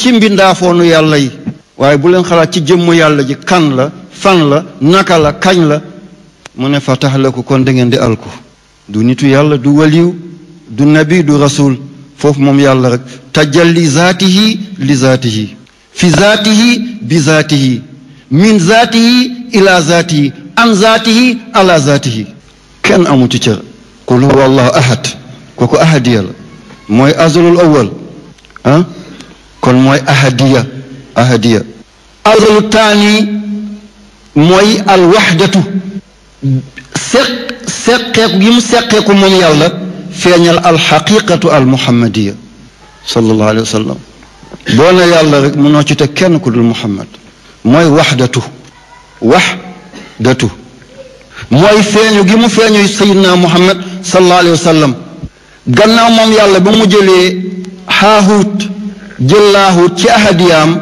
ci mbindaafoonu yàlla yi waaye bu leen xalaat ci jëmm yàlla ji kan la fan la naka la kañ la mu ne fa tax la ko kon da di alku du nitu yàlla du waliw du nabi du rasul foofu moom yàlla rek tajalli zaatihi li zaatihi fi zaatihi bi zaatihi min zaatihi ila zaatihi an zaatihi ala zaatihi kenn amu ci cër qul huwa allahu ahad kooku ahadiya la mooy azalul awal ah kon mooy ahadiya ahadiya al taani mooy al waxdatu seq seqeeku gi mu seqeeku moom yàlla feeñal al xaqiqatu al muhammadiya sallallahu alayhi wa sallam boo ne yàlla rek mënoo ci teg kenn ku dul muhammad mooy waxdatu waxdatu mooy feeñu gi mu feeñu sayidna muhammad sallallahu alayhi wa sallam gannaaw moom yàlla ba mu jëlee xaahuut jël laahut ci ahadiyaam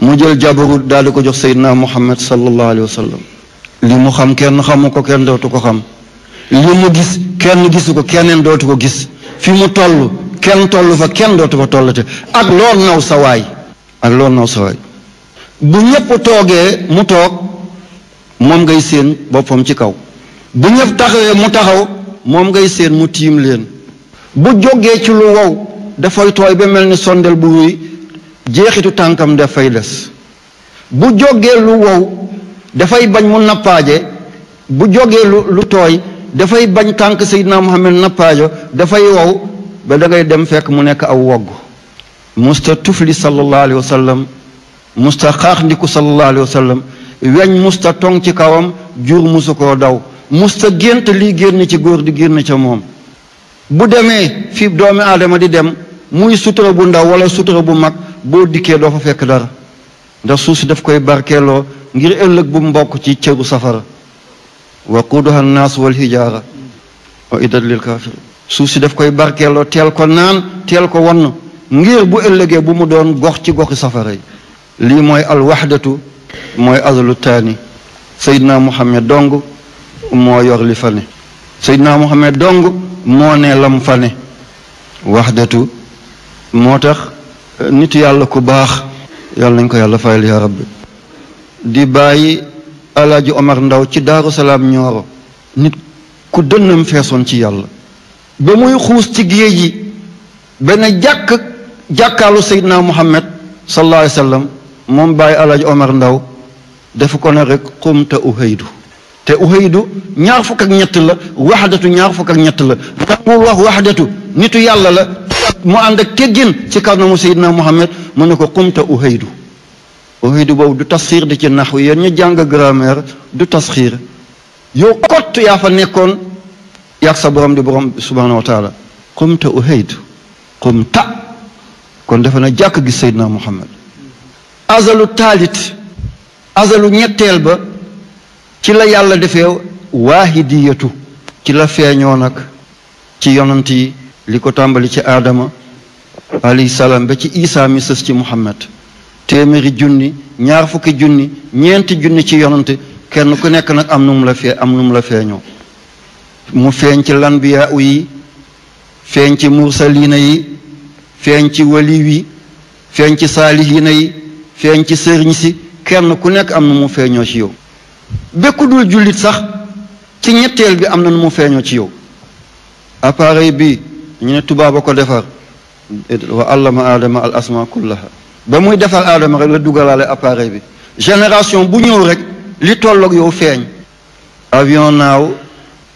mu jël jabarut daal di ko jox seydina muhammad sallallahu alayhi wa li mu xam kenn xamu ko kenn dootu ko xam li mu gis kenn gisu ko keneen dootu ko gis fi mu toll kenn toll fa kenn dootu fa tollate ak lool naw sa waay ak lool naw sa bu ñëpp toogee mu toog moom ngay séen boppam ci kaw bu ñëpp taxawee mu taxaw moom ngay séen mu tiim leen bu jógee ci lu wow dafay tooy ba mel ni sondel bu ruy jeexitu tànkam dafay des bu jógee lu wow dafay bañ mu nappaaje bu jógee lu tooy dafay bañ tànk Seydina Muhammad nappaajo dafay wow ba dangay dem fekk mu nekk aw wogg musta tufli sallallahu alayhi musta xaax ndiku sallallahu alayhi wa sallam weñ musta tong ci kawam jur musu koo daw musta gént lii génn ci góor di génn ca moom bu demee fi doomi aadama di dem muy sutura bu ndaw wala sutura bu mag boo dikkee doo fa fekk dara ndax suuf si daf koy barkeeloo ngir ëllëg bu mbokk ci cëru safara waquduha naas wal hijaara wa idat lil kaafir suuf si daf koy barkeeloo teel ko naan teel ko won ngir bu ëllëgee bu mu doon gox ci goxi safara yi lii mooy alwaxdatu mooy azalu taani seydina muhammad dong moo yor li fa ne seydina muhammad dong moo ne lam fa ne waxdatu moo tax euh, nit yàlla ku baax yàlla nañ ko yàlla fayal yaa rabbi di bàyyi alaaji Omar Ndaw ci Daaru Salaam Ñooro nit ku dënnam feesoon ci yàlla ba muy xuus ci géej yi benn jàkk jàkkaalu Seydina Muhammad sallallahu alayhi moom bàyyi alaaji Omar Ndaw dafa ko ne rek xumta uhaydu te uhaydu ñaar fukk ak ñett la waxdatu ñaar fukk ak ñett la nangul wax waxdatu nitu yàlla la mu ànd ak teggin ci kanamu Seydina Muhammad mu ne ko qumta uhaydu uhaydu boobu du tasxiir di ci naxwu yéen jàng grammaire du tasxiir yow kott yaa fa nekkoon yàgg sa borom di borom subhanahu wa taala qumta kon defe na jàkk gis Seydina Muhammad azalu taalit azalu ñetteel ba ci la yàlla defee waahidiyatu ci la feeñoo ci yonant li ko tàmbali ci aadama alayhi salaam ba ci isaa mi sës ci muhammad téeméeri junni ñaar fukki junni ñeenti junni ci yonante kenn ku nekk nag am nu mu la fee am nu mu feeñoo mu feeñ ci lanbiyaa u yi feeñ ci mursaliina yi feeñ ci waliw yi feeñ ci saalihiina yi feeñ ci sëriñ si kenn ku nekk am na mu feeñoo ci yow békku dul jullit sax ci ñetteel bi am na nu mu feeñoo ci yow appareil bi ñu ne tubaab a ko defar wa allama aadama al asma kullaha ba muy defar aadama rek la dugalaale appareil bi génération bu ñëw rek li tolloog yow feeñ avion naaw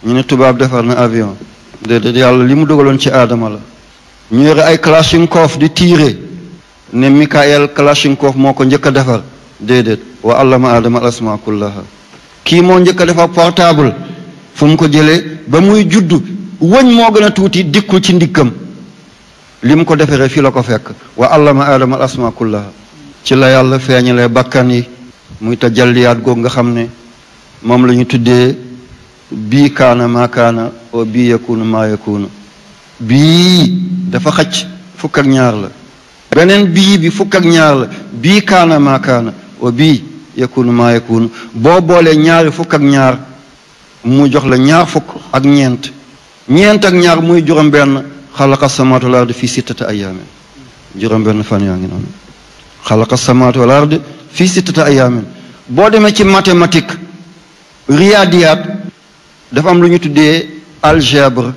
ñu ne tubaab defar na avion déedéet yàlla li mu dugaloon ci aadama la ñu yore ay kalachnikov di tiire ne Mikhaïl kalachnikov moo ko njëkk a defar déedéet wa allama aadama al asma kullaha kii moo njëkk a defar portable fu ko jëlee ba muy juddu wagn mo gëna a tuuti dikku ci ndikam lim ko defere fi lako fekk wa allama alama al asma kullaha ci la yalla feñale bakkan yi muy ta jalliyaat goog nga xamne mom lañu tuddé bi kana ma kana o bi yakunu ma yakunu bi dafa xacc fuk ak ñaar la benen bi bi fuk ak ñaar la bi kana ma kana o bi yakunu ma yakunu bo bolé ñaar fuk ak ñaar mu jox la ñaar fuk ak ñent ñeent ak ñaar muy juróom-benn xalaqa samaatu wal ardi fii sittati ayaamin juróom-benn fan yaa ngi noonu xalaqa samaatu wal ardi fii sittati ayaamin boo demee ci mathématique riyaadiyaat dafa am lu ñu tuddee algebre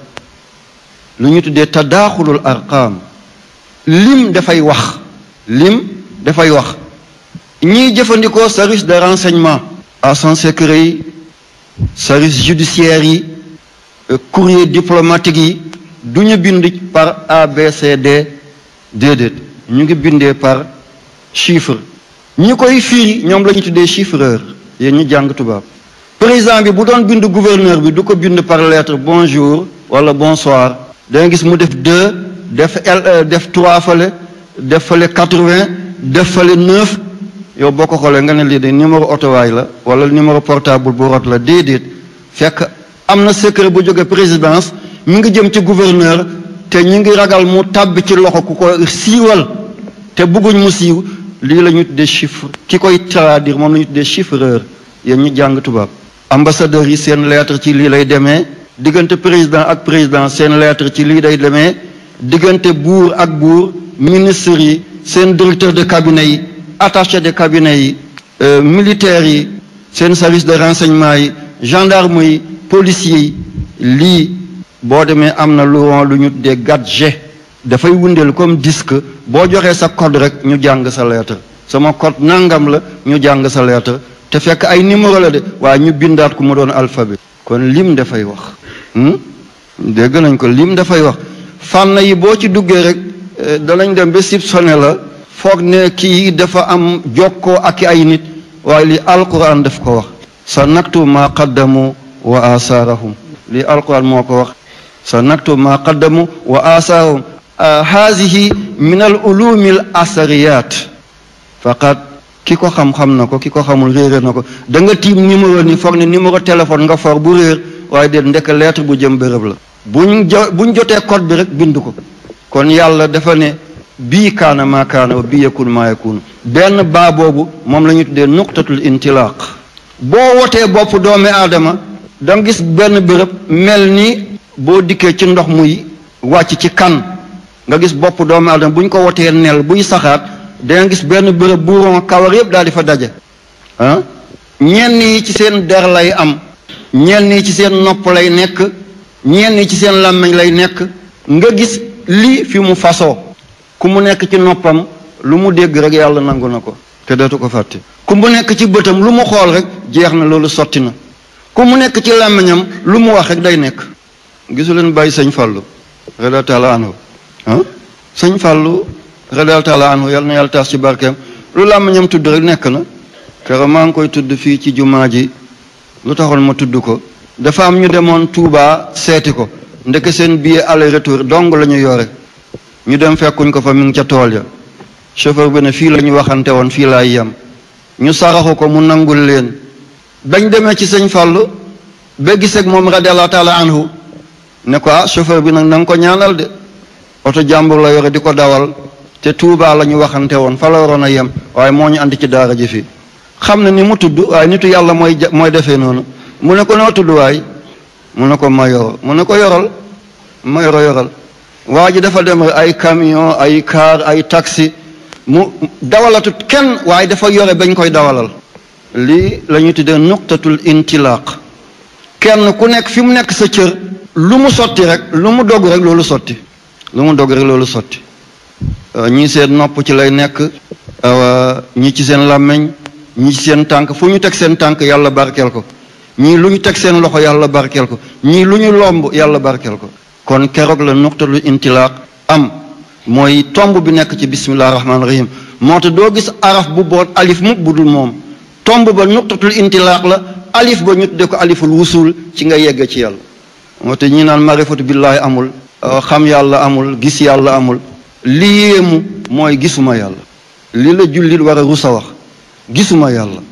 lu ñu tuddee tadaaxulul arqaam lim dafay wax lim dafay wax ñiy jëfandikoo service de renseignement agents secrets yi service judiciaire yi courrier diplomatique yi du ñu par ABCD déedéet ñu ngi bindee par chiffre ñi koy firi ñoom la chiffreur yéen ñu jàng tubaab président bi bu doon bind gouverneur bi du ko bind par lettre bonjour wala bonsoir danga gis mu def 2 def l euh, def trois fale def fale 80 vingt def neuf yow boko xolé xoolee nga ne lii de numéro otowaay la wala numéro portable bu rot la déedéet fekk am na secret bu jóge présidence mi ngi jëm ci gouverneur te ñu ngi ragal mu tàbb ci loxo ku ko siiwal te bëgguñ mu siiw lii la ñu tuddee chiffre ki koy traduire moom la ñu tuddee chiffreur yéen ñu jàng tubaab ambassadeurs yi seen leetre ci lii lay demee diggante président ak président seen leetre ci lii day demee diggante buur ak buur ministres yi seen directeur de cabinet yi attaché de cabinet yi euh, militaires yi seen service de renseignement yi gendarme yi policiers lii boo demee am na lu lu ñu tuddee gadget dafay wundeel comme disque boo joxee sa code rek ñu jàng sa lettre sama code nangam la ñu jàng sa lettre te fekk ay numéro la de waaye ñu bindaat ku mu doon alphabet kon lim dafay wax hmm? dégg nañ ko lim dafay wax fànn yi boo ci duggee rek eh, danañ dem ba sone la foog ne kii dafa am jokkoo ak ay nit waaye li alquran daf ko wax sa naktu ma qaddamu wa asaarahum lii alquran moo ko wax sa naktu ma qaddamu wa asaarahum haasihi min al ulumi faqat ki ko xam-xam na ko ki ko xamul réere na ko nga tiim numéro ni foog ne numéro téléphone nga foor bu réer waaye déet ndekk lettre bu jëm bërëb la buñ jo buñ jotee code bi rek bind ko kon yàlla defane ne bii kaana maa kaana wa bii yakun maa yakun benn baa moom la ñu nuqtatul intilaaq boo wotee bopp doomi aadama danga gis benn bërëb mel ni boo dikkee ci ndox muy wàcc ci kan nga gis bopp doomu aadama bu ñu ko wotee nel buy saxaat danga gis benn bërëb bu ron kawar yëpp daal di fa daje ah ñenn ci seen der lay am ñenn yi ci seen nopp lay nekk ñenn yi ci seen làmmiñ lay nekk nga gis lii fi mu fasoo ku mu nekk ci noppam lu mu dégg rek yàlla nangu na ko te dootu ko fàtte ku mu nekk ci bëtam lu mu xool rek jeex na loolu sotti na ku mu nekk ci làmmiñam lu mu wax rek day nekk gisu leen bàyyi sëñ fàllu radiallahu taala anhu ah sëñ fàllu radiallahu taala anhu yàlla na yàlla taas ci barkeem lu làmmiñam tudd rek nekk na kero maa ngi koy tudd fii ci jumaa ji lu taxoon ma tudd ko dafa am ñu demoon tuubaa seeti ko ndeke seen billet aller retour dong la ñu yore ñu dem fekkuñ ko fa mi ngi ca tool ya chauffeur bi ne fii la ñu waxante woon fii laay yem ñu saraxu ko mu nangul leen bañ demee ci sëñ Fallou ba gis ak moom radiallahu taala anhu ne ko ah chauffeur bi nag na nga ko ñaanal de oto jàmbur la yore di ko dawal te Touba la ñu waxante woon fa la waroon a yem waaye moo ñu andi ci daara ji fii xam ne ni mu tudd waaye nitu yàlla mooy mooy defee noonu mu ne ko noo tudd waay mu ne ko mayor mu ne ko yoral mayoro yoral waa ji dafa dem ay camion ay car ay taxi mu dawalatu kenn waaye dafa yore bañ koy dawalal lii la ñuy tuddee nuqtatul intilaaq kenn ku nekk fi mu nekk sa cër lu mu sotti rek lu mu dogg rek loolu sotti lu mu dogg rek loolu sotti euh, ñii seen nopp ci lay nekk euh, ñii ci seen làmmiñ ñii ci seen tànk fu ñu teg seen tànk yàlla barkeel ko ñii lu ñu teg seen loxo yàlla barkeel ko ñii lu ñu lomb yàlla barkeel ko kon keroog la nuqtatul intilaaq am mooy tomb bi nekk ci bismillah rahmaani rahim moo te doo gis araf bu boot alif mu budul moom tomb ba nuqtatul intilaaq la alif ba ñu tuddee ko aliful wusul ci nga yegg ci yàlla moo te ñi naan marifatu billaahi amul euh, xam yàlla amul gis yàlla amul li gisuma yàlla li la jullit war a rusa wax gisuma yàlla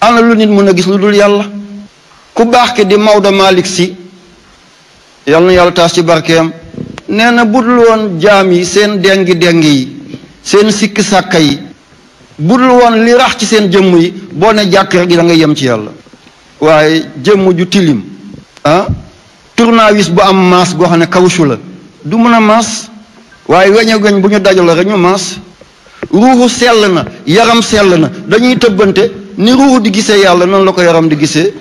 ana lu nit mën a gis lu dul yàlla ku baax ke di Maodo Malick si yàlla na yàlla taas ci barkeem nee na budul loon jaam yi seen dengi-deng yi seen sikk sàkka yi budul won li rax ci sen jëm yi bo ne jakk rek da nga ci yalla waye jëm ju tilim ah tournawis bu am mas go xane kawshu la du meuna mas waye waaye gën bu ñu rek ñu mas ruhu sell na yaram sell na dañuy tëbbante ni ruhu di gisee yalla non la ko yaram di gisee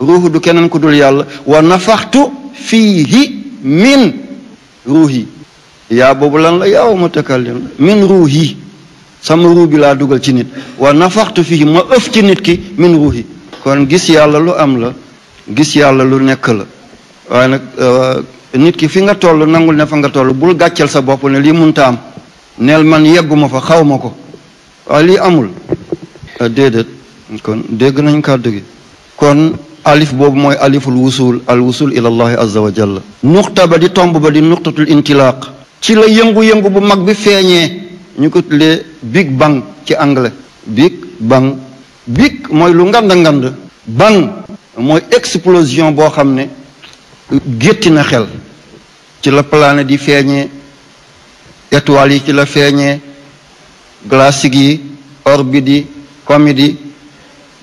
ruhu du kenen ku dul yalla wa fihi min ruhi. Ya bobu lan la yaw mutakallim min ruhi. sama ruu bi laa dugal ci nit waa nafaxtu fii ma ëf ci nit ki min ruuhi kon gis yàlla lu am la gis yàlla lu nekk la waaye nag euh, nit ki fi nga toll nangu ne fa nga toll bul gàcceel sa bopp ne lii munta am neel man yegguma fa xawma ko waaye lii amul euh, déedéet kon dégg nañ kàddu gi kon alif boobu mooy aliful wusul al wusul ila allahi azza wa jalla ba di tomb ba di nuxtatul intilaaq ci la yëngu-yëngu bu mag bi feeñee ñu ko tuddee big bang ci anglais big bang big mooy lu ngand ngand bang mooy explosion boo xam ne gétti na xel ci la planète di feeñee étoiles yi ci la feeñee glacique yi orbite yi comète yi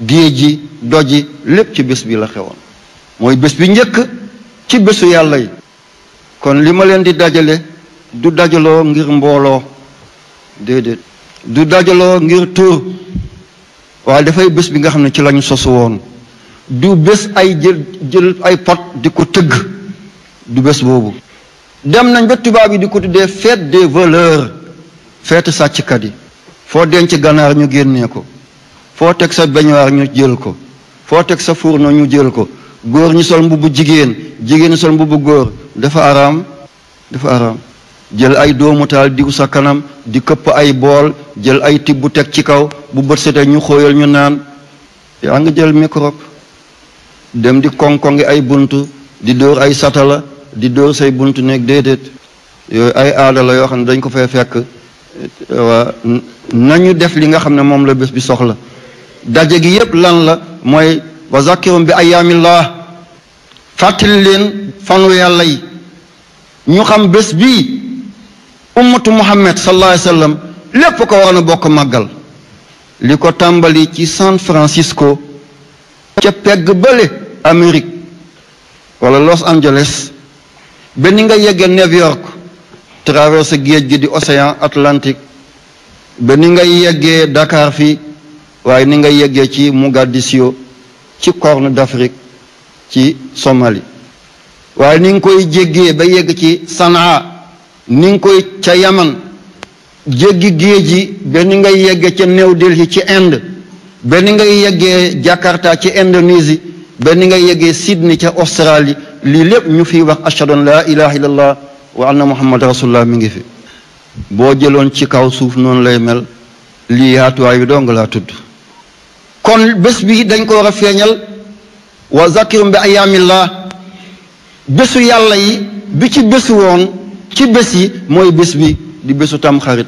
géej lépp ci bés bi la xewoon mooy bés bi njëkk ci bésu yàlla yi kon lima ma di dajale du dajaloo ngir mbooloo déedéet du dajaloo ngir tuur waa dafay bés bi nga xam ne ci lañu sosu woon du bés ay jël ay pot di ko tëgg du bés boobu dem nañ ba tubaab di ko tuddee fête de voleurs fête sàcckat yi foo denc ganaar ñu génnee ko foo teg sa beñuwaar ñu jël ko foo teg sa fourneau ñu jël ko góor ñu sol mbubbu jigéen jigéen sol mbubbu góor dafa araam dafa araam jël ay doomu taal diw sa kanam di këpp ay bool jël ay tibb teg ci kaw bu bët setee ñu xooyal ñu naan yaa ngi jël microbe dem di konkongi ay bunt di dóor ay satala di dóor say buntu nekk déedéet yooyu ay aada la yoo xam ne dañ ko fay fekk nañu def li nga xam ne moom la bés bi soxla daje gi yépp lan la mooy wa zakirum bi ayaamillah fàttali leen fanu yàlla yi ñu xam bés bii ummatu muhammad sallallahu alayhi wa lépp ko waroon a bokk màggal li ko tàmbali ci San Francisco ca pegg bële Amérique wala Los Angeles ba ni nga yeggee New York traversé géej gi di océan Atlantique ba ni nga yeggee dakaar fii waaye ni nga yeggee ci Mogadiscio ci Corne d'Afrique ci Somalie waaye ni nga koy jéggee ba yegg ci Sanaa ni nga koy ca yaman jéggi géej yi ba ni ngay yeggee ca New Delhi ci Inde ba ni ngay yeggee Jakarta ci Indonésie ba ni ngay yeggee Sydney ca Australie lii lépp ñu fiy wax ashhadu an laa ilaha illallah wa anna muhammad rasulullah mi ngi fi boo jëloon ci kaw suuf noonu lay mel lii yaatuwaay bi dong laa tudd kon bés bi dañ ko war feeñal wa zakirum bi ayaamillah bésu yàlla yi bi ci bésu woon ci bés yi mooy bés bi di bésu tamxarit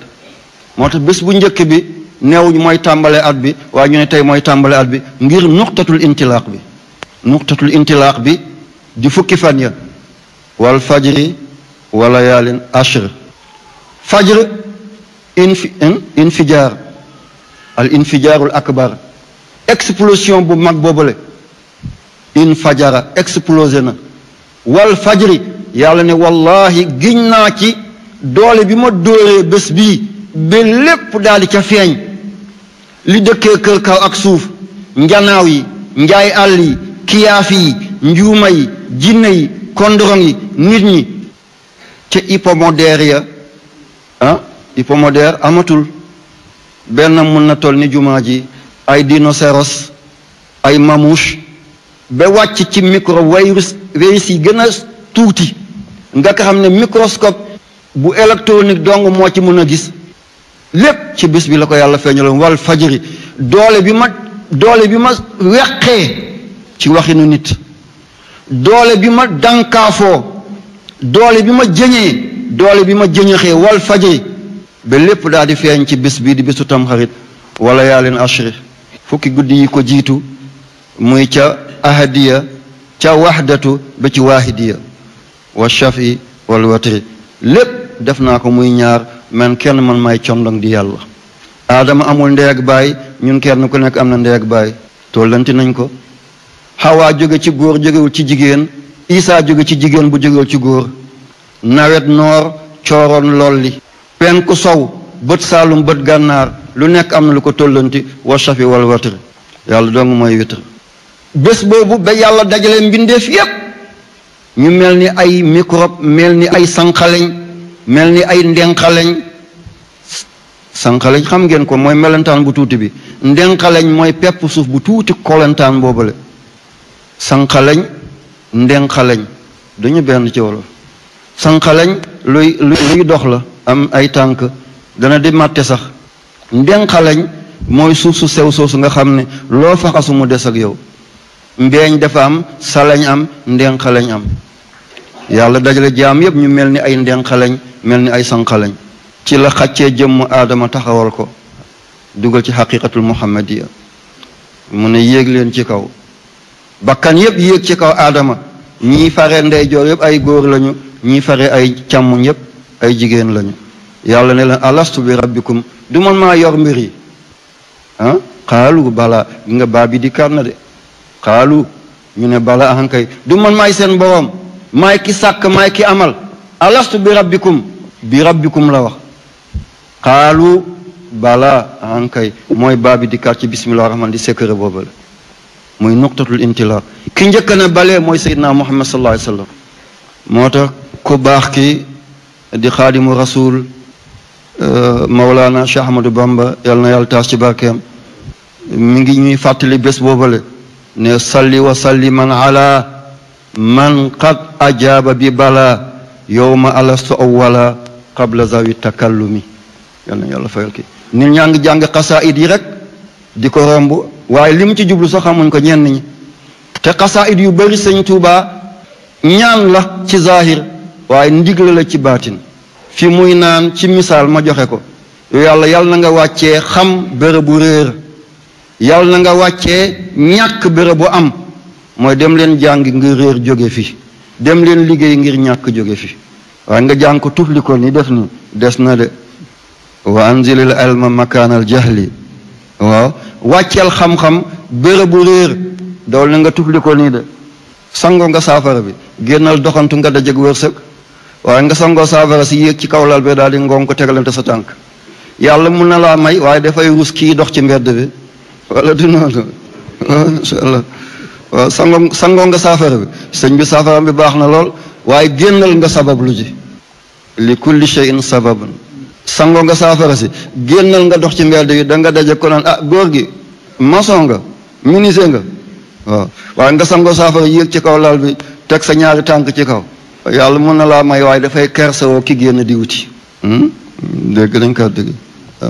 moo tax bés bu njëkk bi neewuñ mooy tàmbale at bi waaye ñu ne tey mooy tàmbale at bi ngir nuqtatul intilaaq bi nuqtatul intilaaq bi di fukki fan ya wal fajri wala yaalin ashr fajr infi infijaar al infijaarul akbar explosion bu mag boobale infajara explosé na wal fajri yàlla ne wallahi giñ naa ci doole bi ma dóoree bés bii ba lépp daal di ca feeñ li dëkkee kër kaw ak suuf njanaaw yi njaay àll yi kiyaafi yi njuuma yi jinne yi kondorong yi nit ñi ci hypomodère ya ah hypomodère amatul benn mun na toll ni jumaa ji ay dinoséros ay mamouche ba wàcc ci micro virus virus yi gën tuuti nga xam ne microscope bu électronique dong moo ci mën a gis lépp ci bis bi la ko yàlla feeñaloon wal fajiri doole bi ma doole bi ma weqee ci waxinu nit doole bi ma dànkaafoo doole bi ma jëñee doole bi ma jëñëxee wal fajiri ba lépp daal di feeñ ci bis bii di bisu tamxarit wala yaa leen ashri fukki guddi yi ko jiitu muy ca ahadiya ca wahdatu ba ci waahidiya wa shafi wal lépp def naa ko muy ñaar man kenn man may condong di yàlla aadama amul ndeeg baay ñun kenn ku nekk am na ndeeg baay tollanti nañ ko xawaa jóge ci góor jógewul ci jigéen isaa jóge ci jigéen bu jógewul ci góor nawet noor cooroon lolli penku sow bët saalum bët gànnaar lu nekk am na lu ko tollanti wa shafi wal watri yàlla dong mooy witr bés boobu ba yàlla dajale mbindeef yépp ñu mel ni ay microbe mel ni ay sànqaleñ mel ni ay ndenqaleñ sànqaleñ xam ngeen ko mooy melentaan bu tuuti bi ndenqaleñ mooy pepp suuf bu tuuti kolentaan boobale sànqaleñ ndenqaleñ dañu benn ci wolof sànqaleñ luy luy dox la am ay tànk dana di màtte sax ndenqaleñ mooy suuf su sew soosu nga xam ne loo faxasu mu des ak yow mbeeñ dafa am salañ am ndenqalañ am yàlla dajale jaam yépp ñu mel ni ay ndenqalañ mel ni ay sanqalañ ci la xàccee jëmm aadama taxawal ko dugal ci xaqiqatul muhammadiya mu ne yéeg leen ci kaw bakkan yépp yéeg ci kaw aadama ñii fare ndeyjoor yépp ay góor lañu ñii fare ay càmmuñ yépp ay jigéen lañu yàlla ne leen alastu bi rabbikum du man maa yor mbir yi ah xaalu bala nga baa bi di na de xaalu ñu ne bala ahankay du man maay seen boroom maay ki sàkk maay ki amal alastu bi rabbikum bi rabbikum la wax xaalu bala ahankay mooy baabi di kar ci bismillah di secret booba la nuqtatul intila ki njëkk na balee mooy seydina muhammad sallallahu alayhi wa moo tax ko baax ki di xaadimu rasul euh, mawlaana Cheikh Ahmadou Bamba yàlla na yàlla taas ci barkeem mi ngi ñuy fàttali bés boobale ne wa salliman ala man qad ajaba bi bala yawma alastu awala qabla zawi takallumi yal na yàlla fayal ki nit ñaa ngi wa ilim yi rek di ko romb waaye li mu ci jublu sax xamuñ ko ñenn ñi te yu bari sëñ Tuuba ñaan la ci zahir la ci fi muinan ci misaal ma joxe ko nga yàlla na nga wàccee ñàkk béré bu am mooy dem leen jàng ngir réer jóge fi dem leen liggéey ngir ñàkk jóge fi waaye nga jàng ko tufli ko ni def ni des na de wa anzilil alma makaanal jahli waaw wàcceel xam-xam béré bu réer dool na nga tufli ko nii de nga saafara bi génnal doxantu nga dajeg wërsëg waaye nga sangoo saafara si yéeg ci kaw lal bi daal di ngoon ko tegalante sa tànk yàlla mun na laa may waaye dafay rus kii dox ci mbedd bi wala sango noonu ah, sangoo nga saafara bi sëñ bi saafaram bi baax na lool waaye génnal nga sabab lu ji li kulli shay'in sababun nga saafara si génnal nga dox ci mbedd yi da nga daje ko naan ah góor gi maçon nga nga waa waaye nga sangoo saafara yéeg ci kaw laal bi teg sa ñaari tànk ci kaw yàlla mën na laa may waaye dafay kersewoo ki génn diwuti hmm? dégg nañ kàddu gi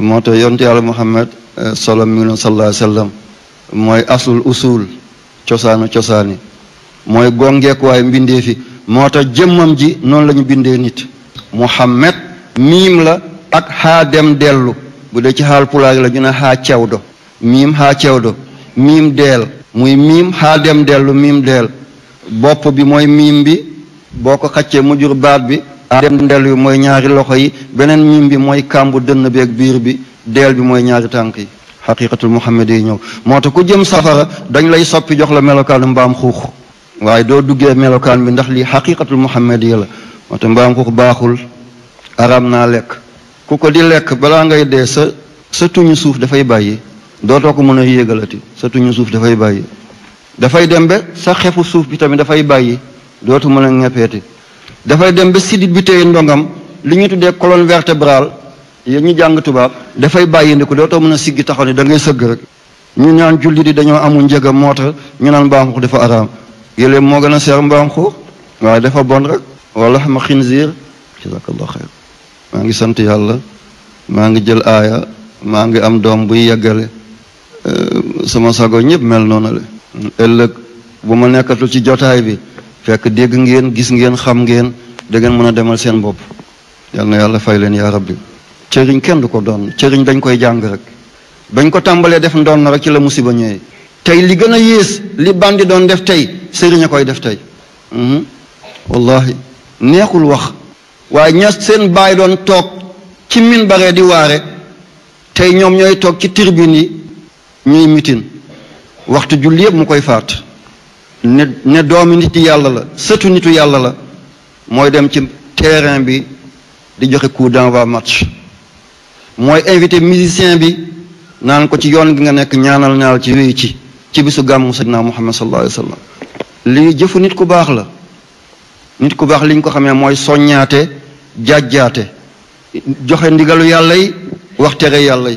moo tax yonte yàlla Muhammad Eh, solo mi ngi noonu mooy aslul usul cosaanu cosaani mooy gongeekuwaay mbindee fi moo tax jëmmam ji noonu la ñu bindee nit Muhammad miim la ak xaa dem dellu bu dee ci xaal pulaar la ñu ne xaa cewdo miim xaa cewdo miim deel muy miim xaa dem dellu miim deel bopp bi mooy miim bi boo ko xaccee mu jur baat bi dem dellu mooy ñaari loxo yi beneen miim bi mooy kàmbu dënn bi ak biir bi deel bi mooy ñaari tànk yi xaqiqatul muhammad yi ñëw moo tax ku jëm safara dañ lay soppi jox la melokaanu mbaam xuux waaye doo duggee melokaan bi ndax lii xaqiqatul muhammad yi la moo tax mbaam xuux baaxul araam naa lekk ku ko di lekk balaa ngay dee sa sa tuñu suuf dafay bàyyi doo ko mën a yéegalati sa suuf dafay bàyyi dafay dem ba sa xefu suuf bi tamit dafay bàyyi dootu mën a ñeppeeti dafay dem ba sidit bi téye ndongam li ñu tuddee colonne vertébrale yéen ñi jàng tubaab dafay bàyyindiku doto mën a siggi taxaw ne da ngay seug rek ñu ñaan julli di dañoo amu njëga moo ñu naan mbaam xuux dafa araam yele mo gëna a seer mbaam wa dafa bon rek wala ma khinzir jazakallahu khair ma ngi sant yalla ma ngi jël aya ma ngi am yeggale euh, sama sago ñëpp mel nonale la bu ma nekkatu ci jotaay bi fekk deg ngeen gis ngeen xam ngeen da ngeen mëna demal seen bop yalla yalla fay leen ya rabbi cëriñ kenn du ko doon cëriñ dañ koy jàng rek bañ ko tàmbalee def ndoon na rek ci la musiba ñëwee tey li gën a yées li bandi doon def tey sëriñ koy def tey mhm. wallahi neexul wax waaye ña seen baay doon toog ci min baree di waare tey ñoom ñooy toog ci tirbin yi ñuy mitin waxtu julli yëpp mu koy faat ne ne doomi nit yàlla la sëtu nitu yàlla la mooy dem ci terrain bi di joxe coup d'envoi match mooy invité musicien bi naan ko ci yoon gi nga nekk ñaanal ñaal ci wéy ci ci bisu gàmmu sayyidina Muhammad sallallahu alayhi wa sallam lii jëfu nit ku baax la nit ku baax li ñu ko xamee mooy soññaate jaajjaate joxe ndigalu yàlla wax tere yàlla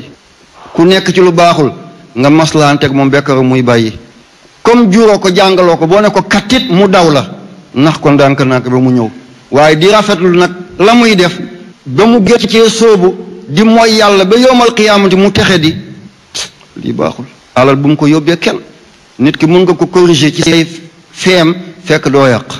ku nekk ci lu baaxul nga maslaanteeg moom bekkaru muy bàyyi comme juuroo ko jàngaloo ko boo ne ko kattit mu daw la ndax ko ndànk-ndànk ba mu ñëw waaye di rafetlu nag la muy def ba mu gëcc ci sóobu di mooy yàlla ba yowmal qiyaamati mu texe di lii baaxul alal bu mu ko yóbbee kenn nit ki mun nga ko corriger ci say feem fekk doo yàq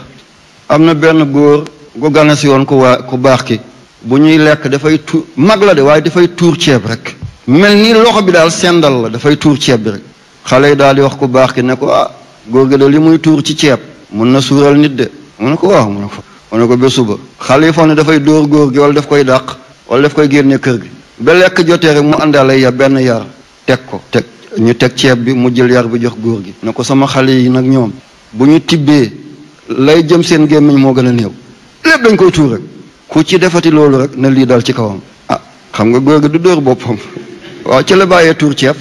am na benn góor gu gane si woon ku waa ku baax ki bu ñuy lekk dafay tuur mag la de waaye dafay tuur ceeb rek mel ni loxo bi daal sendal la dafay tuur ceeb bi rek xale yi daal di wax ku baax ki ne ko ah góor gi de li muy tuur ci ceeb mun na suural nit de mu ne ko waaw mu ne ko mu ko ba suba xale yi foog ne dafay dóor góor gi wala daf koy dàq wala daf koy génne kër gi ba lekk jotee rek mu àndaale ya benn yar teg ko teg ñu teg ceeb bi mu jël yar bi jox góor gi ne ko sama xale yi nag ñoom bu ñu tibbee lay jëm seen gémmiñ moo gën a néew lépp dañ koy tuur rek ku ci defati loolu rek ne lii dal ci kawam ah xam nga góor gi du dóor boppam waaw ci la bàyyee tuur ceeb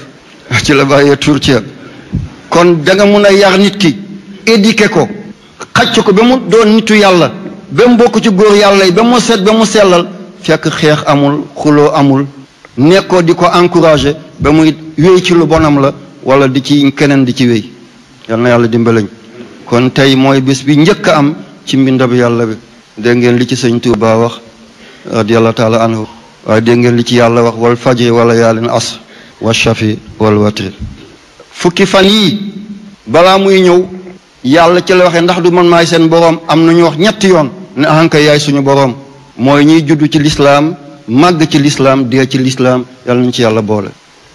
ci la bàyyee tuur ceeb kon danga nga mun a yar nit ki éduquer ko xacc ko ba mu doon nitu yàlla ba mu bokk ci góor yàlla yi ba mu set ba mu sellal fekk xeex amul xuloo amul nekkoo di ko encouragé ba muy wéy ci lu bonam la wala di ci keneen di ci wéy yal na yàlla dimbalañ kon tey mooy bis bi njëkk am ci mbind mbindab yàlla bi dégg ngeen li ci sëñ Tuubaa wax radiyallahu taala anhu waaye dégg ngeen li ci yàlla wax wal fajri wala yaalin as wa shafi wal watri fukki fan yi balaa muy ñëw yàlla ci la waxe ndax du man maay seen boroom am na ñu wax ñetti yoon ne ahanka yaay suñu boroom mooy ñuy judd ci lislaam màgg ci lislaam dee ci lislaam yàlla nañu ci yàlla boole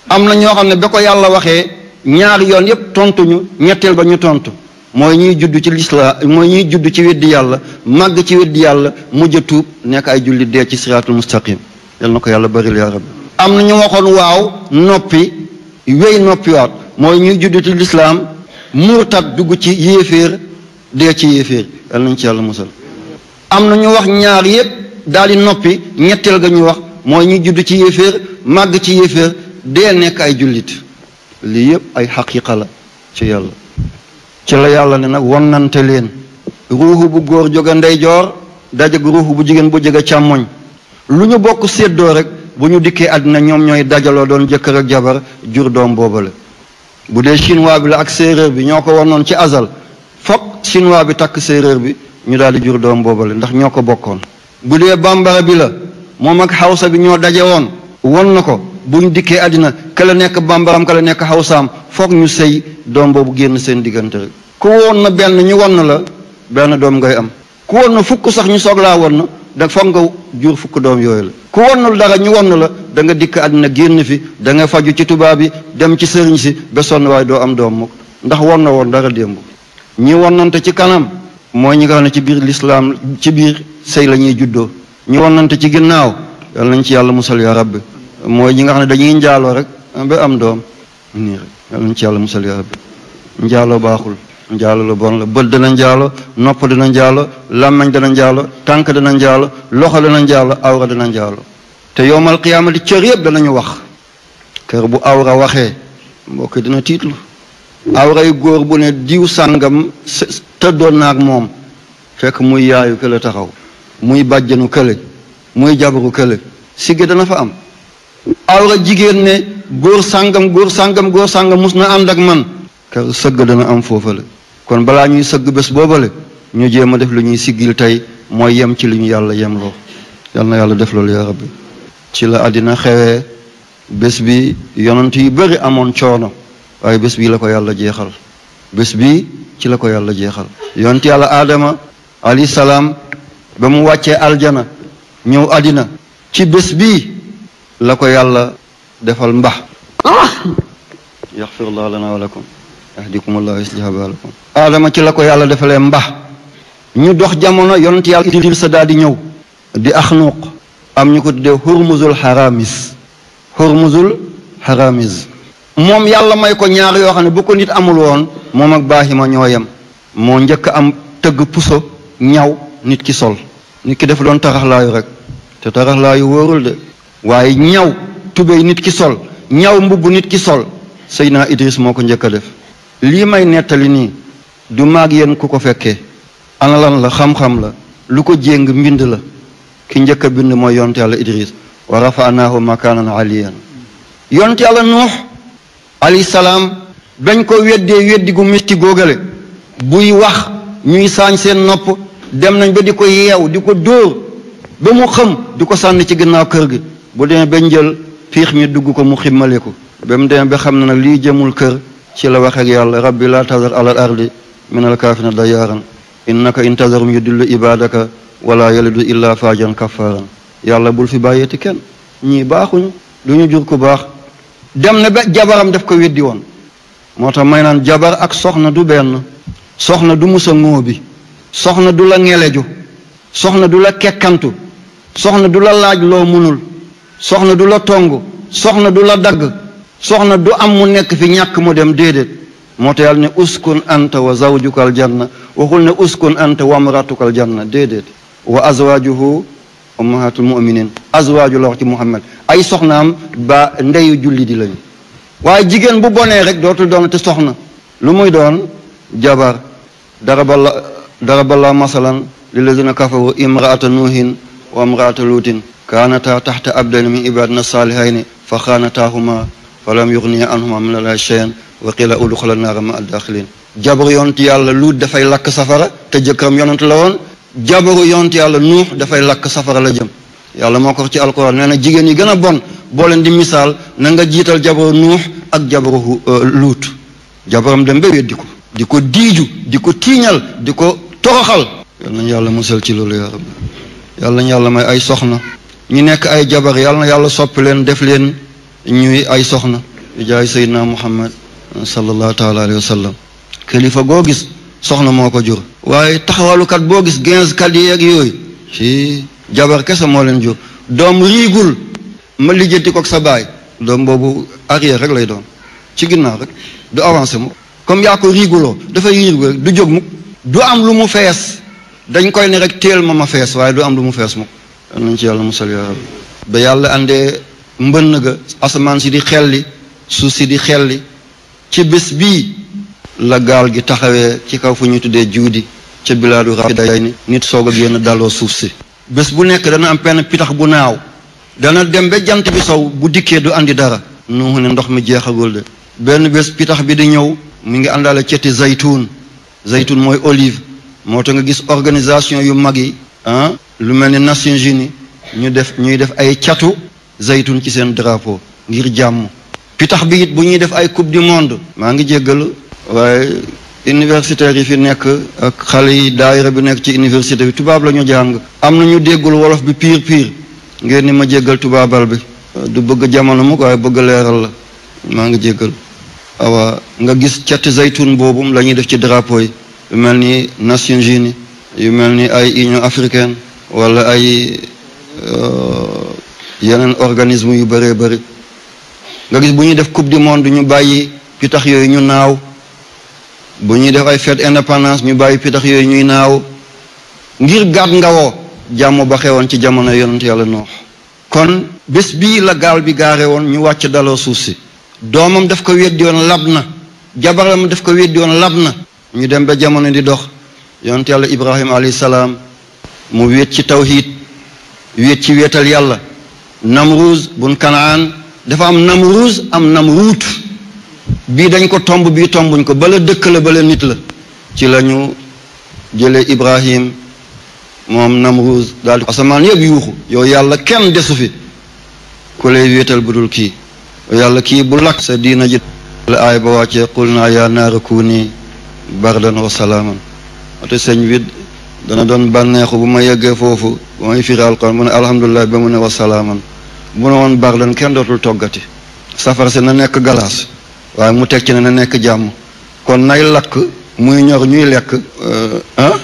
am na ñoo xam ne ba ko yàlla waxee ñaari yoon yépp tontuñu ñetteel ba ñu tontu mooy ñiy judd ci lislaam mooy ñiy judd ci weddi yàlla màgg ci weddi yàlla mujj a tuub nekk ci siraatul mustaqim na ko yàlla bëril yaa rabbi am na ñu waxoon waaw noppi wéy noppiwaat mooy ñuy judd ci lislaam murtat dugg ci yéeféer dee ci yéeféer yal nañ ci yàlla musal am na ñu wax ñaar yépp daal noppi ñetteel ga ñu wax mooy ñu judd ci yéeféer màgg ci yéeféer dee nekk ay jullit lii yëpp ay xaqiqa la ci yàlla ci la yàlla ne nag wonnante leen ruuxu bu góor jóge ndeyjoor dajag ruuxu bu jigéen bu jóge càmmoñ lu ñu bokk séddoo rek bu ñu dikkee àddina ñoom ñooy dajaloo doon jëkkër ak jabar jur doom boobale bu dee chinois bi la ak séeréer bi ñoo ko wanoon ci asal fokk chinois bi takk séeréer bi ñu daal di jur doom boobale ndax ñoo ko bokkoon bu dee bambara bi la moom ak xawsa bi ñoo daje woon won na ko buñ dikkee àddina ka nekk bambaram ka la nekk xawsaam foog ñu sëy doom boobu génn seen diggante rek ku woon na benn ñu won na la benn doom ngay am ku won na fukk sax ñu soog laa won na da foog nga jur fukk doom yooyu la ku won na dara ñu won na la danga dikk àddina génn fi danga nga faju ci tubaab yi dem ci sëriñ si ba sonn waaye doo am doom mukk ndax won na woon dara démb ñi wonnante ci kanam mooy ñi nga xam ci biir lislaam ci biir sëy la ñuy juddoo ñu wonante ci ginnaaw yal nañ ci yàlla musal yaa rabbi mooy ñi nga xam ne dañuy njaaloo rek am doom nii rek yal nañ ci yàlla musal yaa rabbi baaxul njaalo lu bon la bët dana njaalo nopp dana njaalo làmmañ dana njaalo tànk dana njaalo loxo dana njaalo awra dana njaalo te yowmal qiyaama di cër yëpp danañu wax kër bu awra waxee mbokk dina tiitlu awra góor bu ne diw sàngam tëddoon naag moom fekk muy yaayu kële taxaw muy bàjjanu kële muy jabaru kële sigge dana fa am awra jigéen ne góor sàngam góor sàngam góor sàngam mus na ànd ak man kar sëgg dana am foofale kon balaa ñuy sëgg bés boobale ñu jéem a def lu ñuy siggil tey mooy yem ci lu ñu yàlla yem loo na yàlla def loolu yaa rabbi ci la àddina xewee bés bi yonent yu bari amoon coono waaye bés bi la ko yàlla jeexal bés bi ci lako yàlla jexal yonti yàlla adama ali salam bamu wacce aljana ñëw adina ci bés bi lako yàlla defal mbax yaghfir allah lana wa lakum yahdikum allah yuslih balakum adama ci lako yàlla defale mbax ñu dox jamono yonti yàlla sa dal di ñëw di akhnuq am ñuko tuddé hurmuzul haramis hurmuzul haramis mom yalla may ko ñaar yo xamne bu ko nit amul won mom ak bahima ñoyam mo ñeuk am teug puso ñaw nit ki sol nit ki def doon taraxlaayu rek te taraxlaayu worul de waye ñaw nit ki sol ñaw mbubu nit ki sol sayna idris moko ñeuk def li may netali ni du mag yeen ku ko fekkee ana lan la xam-xam la lu ko jeng mbind la ki ñeuk bind mo yonte yalla idris wa rafa'nahu makanan aliyan yonte yàlla alayhi salaam beñ ko weddee weddi gu métti góogale buy wax ñuy saañ seen nopp dem nañ ba di ko yeew di ko dóor ba mu xam di ko sànni ci ginnaaw kër gi bu demee ba njël piix mi dugg ko mu ximmaliku ba mu demee ba xam na nag lii jëmul kër ci la wax ak yàlla rabbi laa tazar alal ardi min al kaafina dayaaran innaka intazarum yudillu ibadaka wala yalidu illa fajan kafaran yàlla bul fi bàyyeeti kenn ñii baaxuñ du ñu jur ku baax dem na ba jabaram daf ko weddi woon moo tax may naan jabar ak soxna du benn soxna du musa ngoo bi soxna du la ngeleju soxna du la kekkantu soxna du la laaj loo munul soxna du la tongu soxna du la dagg soxna du am mu nekk fi ñàkk mu dem déedéet moo tax yàlla ne uskun anta wa zawjukal janna waxul ne uskun anta wa amratukal janna déedéet wa azwajuhu ummahatul mu'minin azwaaju la wax ci muhammad ay soxnaam ba ndeyu julli di lañu waaye jigéen bu bonee rek dootul doon te soxna lu muy doon jabar daraballa daraballa masalan lilladina kafaru imraata nuuhin wa imraata luutin كانتا تحت أبدين من عبادنا الصالحين فخانتاهما فلم يغني عنهما من الله شيئا وقيل ادخل النار مع الداخلين جبر يونت يالا لود دا فاي لاك سفاره تا جكرم يونت لا jabaru yont yàlla nuux dafay lakk safara la jëm yàlla moo ko ci alquran nee na jigéen yi gën a bon boo leen di misaal na nga jiital jabaru nuux ak jabaru euh, luut jabaram dem ba weddi di ko diiju di ko tiiñal di ko toroxal nañ yàlla musal ci loolu yaa rabbi yal yàlla may ay soxna ñu nekk ay jabar yàlla na yàlla soppi leen def leen ñuy ay soxna jaay sayyidina muhammad sallallahu taala alayhi wa sallam kilifa goo gis soxna moo ko jur waaye taxawalukat boo gis quinze kat yi ak yooyu ci jabar kese moo leen jur doom riigul ma lijjanti kook sa baay doom boobu arrière rek lay doon ci ginnaaw rek du avancé mu comme yaa ko riiguloo dafay riigul rek du jóg mukk du am lu mu fees dañ koy ne rek teel ma ma fees waaye du am lu mu fees mukk nañ ci yàlla mu yaa rabbi ba yàlla àndee mbënn ga asamaan si di xelli suuf si di xelli ci bés bii la gaal gi taxawee ci kaw fu ñu tuddee juudi ca bilaadu rafiday ni nit soog a génn daloo suuf si bés bu nekk dana am benn pitax bu naaw dana dem ba jant bi sow bu dikkee du andi dara nuuhu ne ndox mi jeexagul de benn bés pitax bi di ñëw mu ngi àndaale ceti zaytuun zaytuun mooy olive moo tax nga gis organisation yu mag yi ah lu mel ni Nations Unies ñu def ñuy def ay catu zaytuun ci seen drapeau ngir jàmm pitax bi bu ñuy def ay coupe du monde maa ngi jéggalu waaye universitaires yi fi nekk ak xale yi daayira bi nekk ci université bi tubaab la ñu jàng am na ñu déggul wolof bi piir piir ngeen ni ma jéggal tubaabal bi du bëgg jamono mu waaye bëgg leeral la maa ngi jéggal awa nga gis catti zaytun boobum la ñuy def ci drapeau yi mel ni Nations Unies yu mel ni ay Union africain wala ay euh, yeneen organisme yu bëree bëri nga gis bu ñuy def coupe du monde ñu bàyyi yu yooyu ñu naaw boo ñuy def ay fête indépendance ñu bàyyi pitax yooyu ñuy naaw ngir gaat ngawoo jàmm ba xewoon ci jamono yonent yàlla noox kon bés bii la gaal bi gaare woon ñu wàcc daloo suuf si doomam def ko weddi woon lab na jabaram def ko weddi woon lab na ñu dem ba jamono di dox yonent yàlla ibrahima alayhi salaam mu wéet ci tawhid wéet ci wéetal yàlla namruuz bun kanaan dafa am namruuz am namruut bii dañ ko tomb bii tombuñ ko bala dëkk la bala nit la ci lañu jële ibrahim moom namruus daal di asamaan yëpp yuuxu yow yàlla kenn desu fi ku lay wéetal bu dul kii yàlla kii bu lakk sa diina ji la aay ba wàccee qul naa yaa naara kuuni bardan wa salaaman ate sëñ bi dana doon bànneexu bu ma yeggee foofu bu may firi alquran mu ne alhamdulilah ba mu ne wa salaaman ne woon bardan kenn dootul toggati safara si na nekk galaas waaye mu teg ci ne na nekk jàmm kon nay lakk muy ñor ñuy lekk ah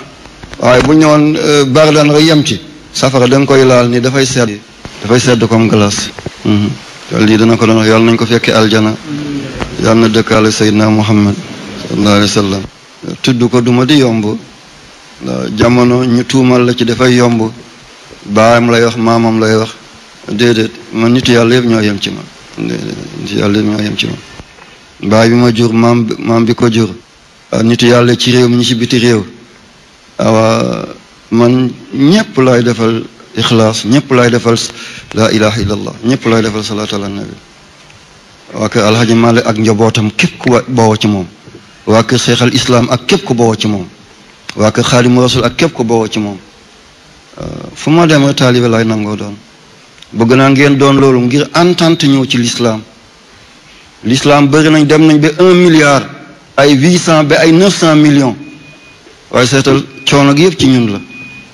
waaye bu ñëwoon euh, baar daan rek yem ci safara da koy laal ni dafay sedd dafay sedd comme glace mhm. lii dana ko doon wax nañ ko fekkee aljana yàlla na dëkkaale Seydina Muhammad sallallahu alayhi wa sallam tudd ko duma di yomb jamono ñu tuumal la ci dafay yomb baayam lay wax maamam lay wax déedéet man nitu yàlla yëpp ñoo yem ci ma déedéet nitu yàlla yëpp ñoo yem ci ma baay bi ma jur maam maam bi ko jur nit yàlla ci réew mi ñu ci biti réew awa man ñëpp laay defal ixlaas ñëpp laay defal laa ilaha illallah ñëpp laay defal salaatu ala nabi waa kër alhaji male ak njabootam képp ku bawoo ci moom waa kër seexal islaam ak képp ku bawoo ci moom waa kër xaadimu rasul ak képp ku bawoo ci moom fu ma dem rek taalibe laay nangoo doon bëgg naa ngeen doon loolu ngir entente ñëw ci lislaam l'islam bëri nañ dem nañ ba un milliard ay huit cent ay neuf cent millions waaye seetal coono gi yëpp ci ñun la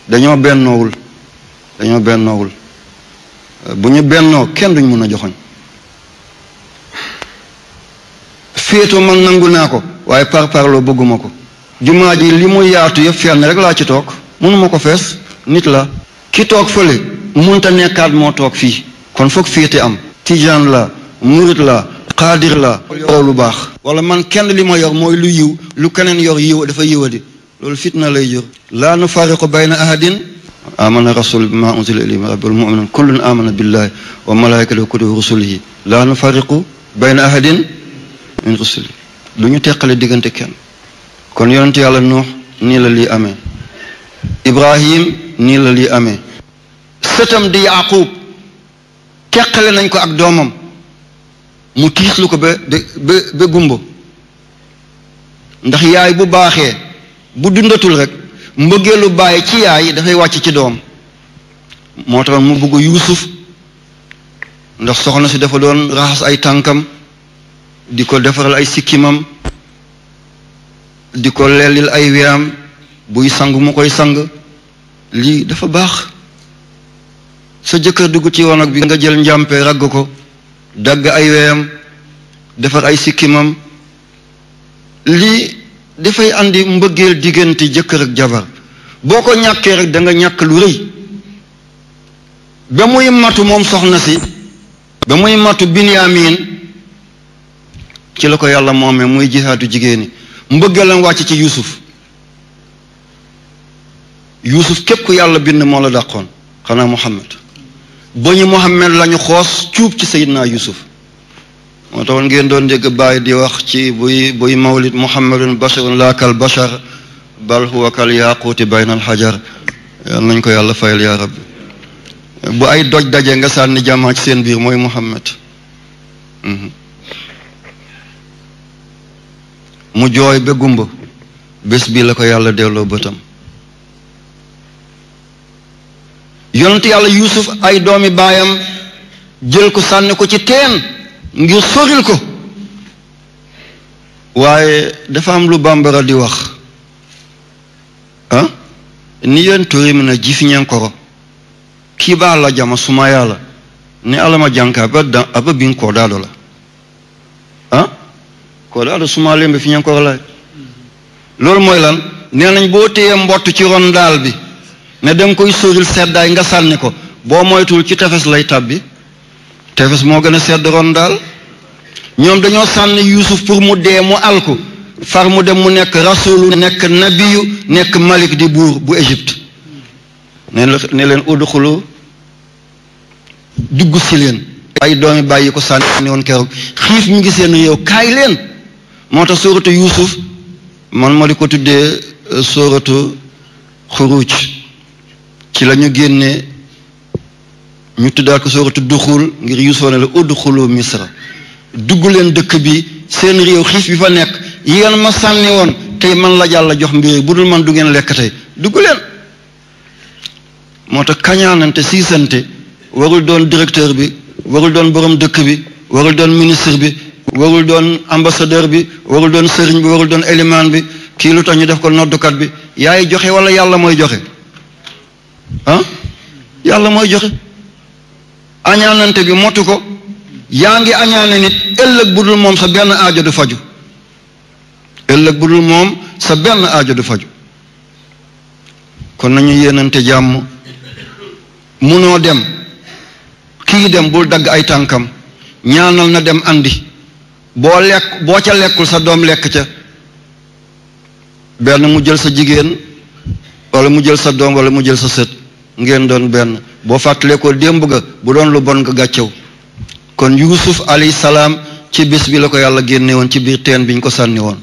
dañoo bennoowul dañoo bennoowul euh, bu ñu bennoo kenn duñ mën a joxoñ féeto man nangu naa ko waaye par parloo bëgguma ko jumaa ji li mu yaatu yëpp fenn rek laa ci toog mënuma ko fees nit la ki toog fële munta nekkaat moo toog fii kon foog féete am tijaan la murit la xaadir la yow lu baax wala man kenn li ma yor mooy lu yiw lu keneen yor yiw dafa yiwadi loolu fitna lay jur laa nufariqu bayna ahadin آمن الرسول بما أنزل إليه من ربه المؤمن كل آمن بالله وملائكته وكتبه ورسله لا نفرق بين أحد من رسله du ñu teqale diggante kenn kon yonent yàlla nuux nii la lii amee ibrahim nii la lii amee sëtam di yaqub teqale nañ ko ak doomam mu tiislu ko ba ba ba gumba ndax yaay bu baaxee bu dundatul rek mbëggeelu bàyyi ci yaay dafay wàcc ci doom moo tax mu bëgg yuusuf ndax soxna si dafa doon raxas ay tànkam di ko defaral ay sikkimam di ko lellil ay weeram buy sang mu koy sang lii dafa baax sa jëkkër dugg ci wanag bi nga jël njàmpe ragg ko dagg ay weyam defar ay sikkimam li dafay àndi mbëggeel diggante jëkkër ak jabar boo ko ñàkkee rek da nga ñàkk lu rëy ba muy matu moom soxna si ba muy matu binyamin ci la ko yàlla moomee muy jihaatu jigéen ñi mbëggeelam wàcc ci yuusuf yuusuf képp ku yàlla bind moo la dàqoon xanaa muhammad ba ñu Muhammad la xoos cuub ci Seydina Yusuf moo taxoon ngeen doon dégg bàyyi di wax ci buy buy mawlid Muhammadun basharun laa kal bashar bal huwa kal yaaquuti baynal xajar nañ ko yàlla fayal yaa rabbi bu ay doj daje nga sànni jamaa ci seen biir mooy Muhammad mhm. mu jooy ba gumba bés bi la ko yàlla delloo bëtam yonent yàlla yuusuf ay doomi baayam jël ko sànni ko ci teen ngir soril ko waaye dafa am lu bambara di wax ah ni yéen turi ji na jifiñenkoro kii ba la jama suma yàlla ni alama janka ba da aba bin kodaado la ah kodaado suma lembe fiñenkoro la loolu mooy lan nee nañ boo téye mbott ci ron daal bi ne danga koy sóoril seddaay nga sànni ko boo moytuwul ci tefes lay bi tefes moo gën a sedd ron daal ñoom dañoo sànni yuusuf pour mu dee mu alku far mu dem mu nekk rasulu nekk nabiyu nekk malik di buur bu égypte ne ne leen udxulu dugg si leen ay doomi bàyyi ko sànni woon keroog xiif mi ngi seen réew kaay leen moo tax sóoratu yuusuf man ma di ko tuddee eh, sóoratu xuruuj ci la ñu génnee ñu tuddaa ko sooratu duxul ngir Yuusuf ne la udxulu misra dugg leen dëkk bi seen réew xiif bi fa nekk yi ngeen ma sànni woon tey man la jàll jox mbir bu dul man du ngeen lekk tey dugg leen moo tax kañaanante warul doon directeur bi warul doon borom dëkk bi warul doon ministre bi warul doon ambassadeur bi warul doon sëriñ bi warul doon élimaan bi kii lu ñu def ko noddukat bi yaay joxe wala yàlla mooy joxe ah yàlla mooy joxe añaanante gi motu ko yaa ngi añaane nit ëllëg budul moom sa benn aajo du faju ëllëg budul moom sa benn aajo du faju kon nañu yéenante mu munoo dem kii dem bul dagg ay tànkam ñaanal na dem andi boo lekk boo ca lekkul sa doom lekk ca benn mu jël sa jigéen walla mu jël sa doom wala mu jël sa sët ngeen doon benn boo fàttalee ko démb ga bu doon lu bon nga gàccew kon yuusuf alayhi salaam ci bis bi la ko yàlla génnewoon ci biir teen bi ñu ko sànni woon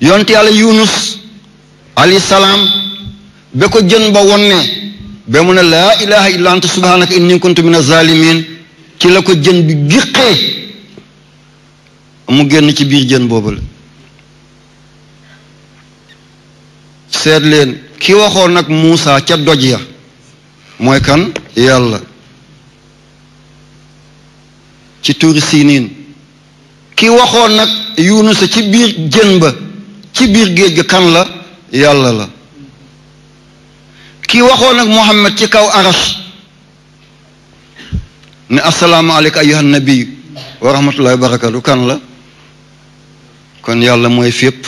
yonte yàlla yunus alayhi salaam ba ko jën ba wonne ba mu ne laa ilaha illa anta subhanaka kuntu min azalimin ci la ko jën bi giqee mu génn ci biir jën boobu la seet leen ki waxoon nag Muusa ca doj ya mooy kan yàlla ci tuuri siiniin ki waxoon nag Yunusa ci biir jën ba ci biir géej ga kan la yàlla la ki waxoon nag Muhammad ci kaw aras ne assalaamu aleyka ayyuhan nabiyu wa barakatu kan la kon yàlla mooy fépp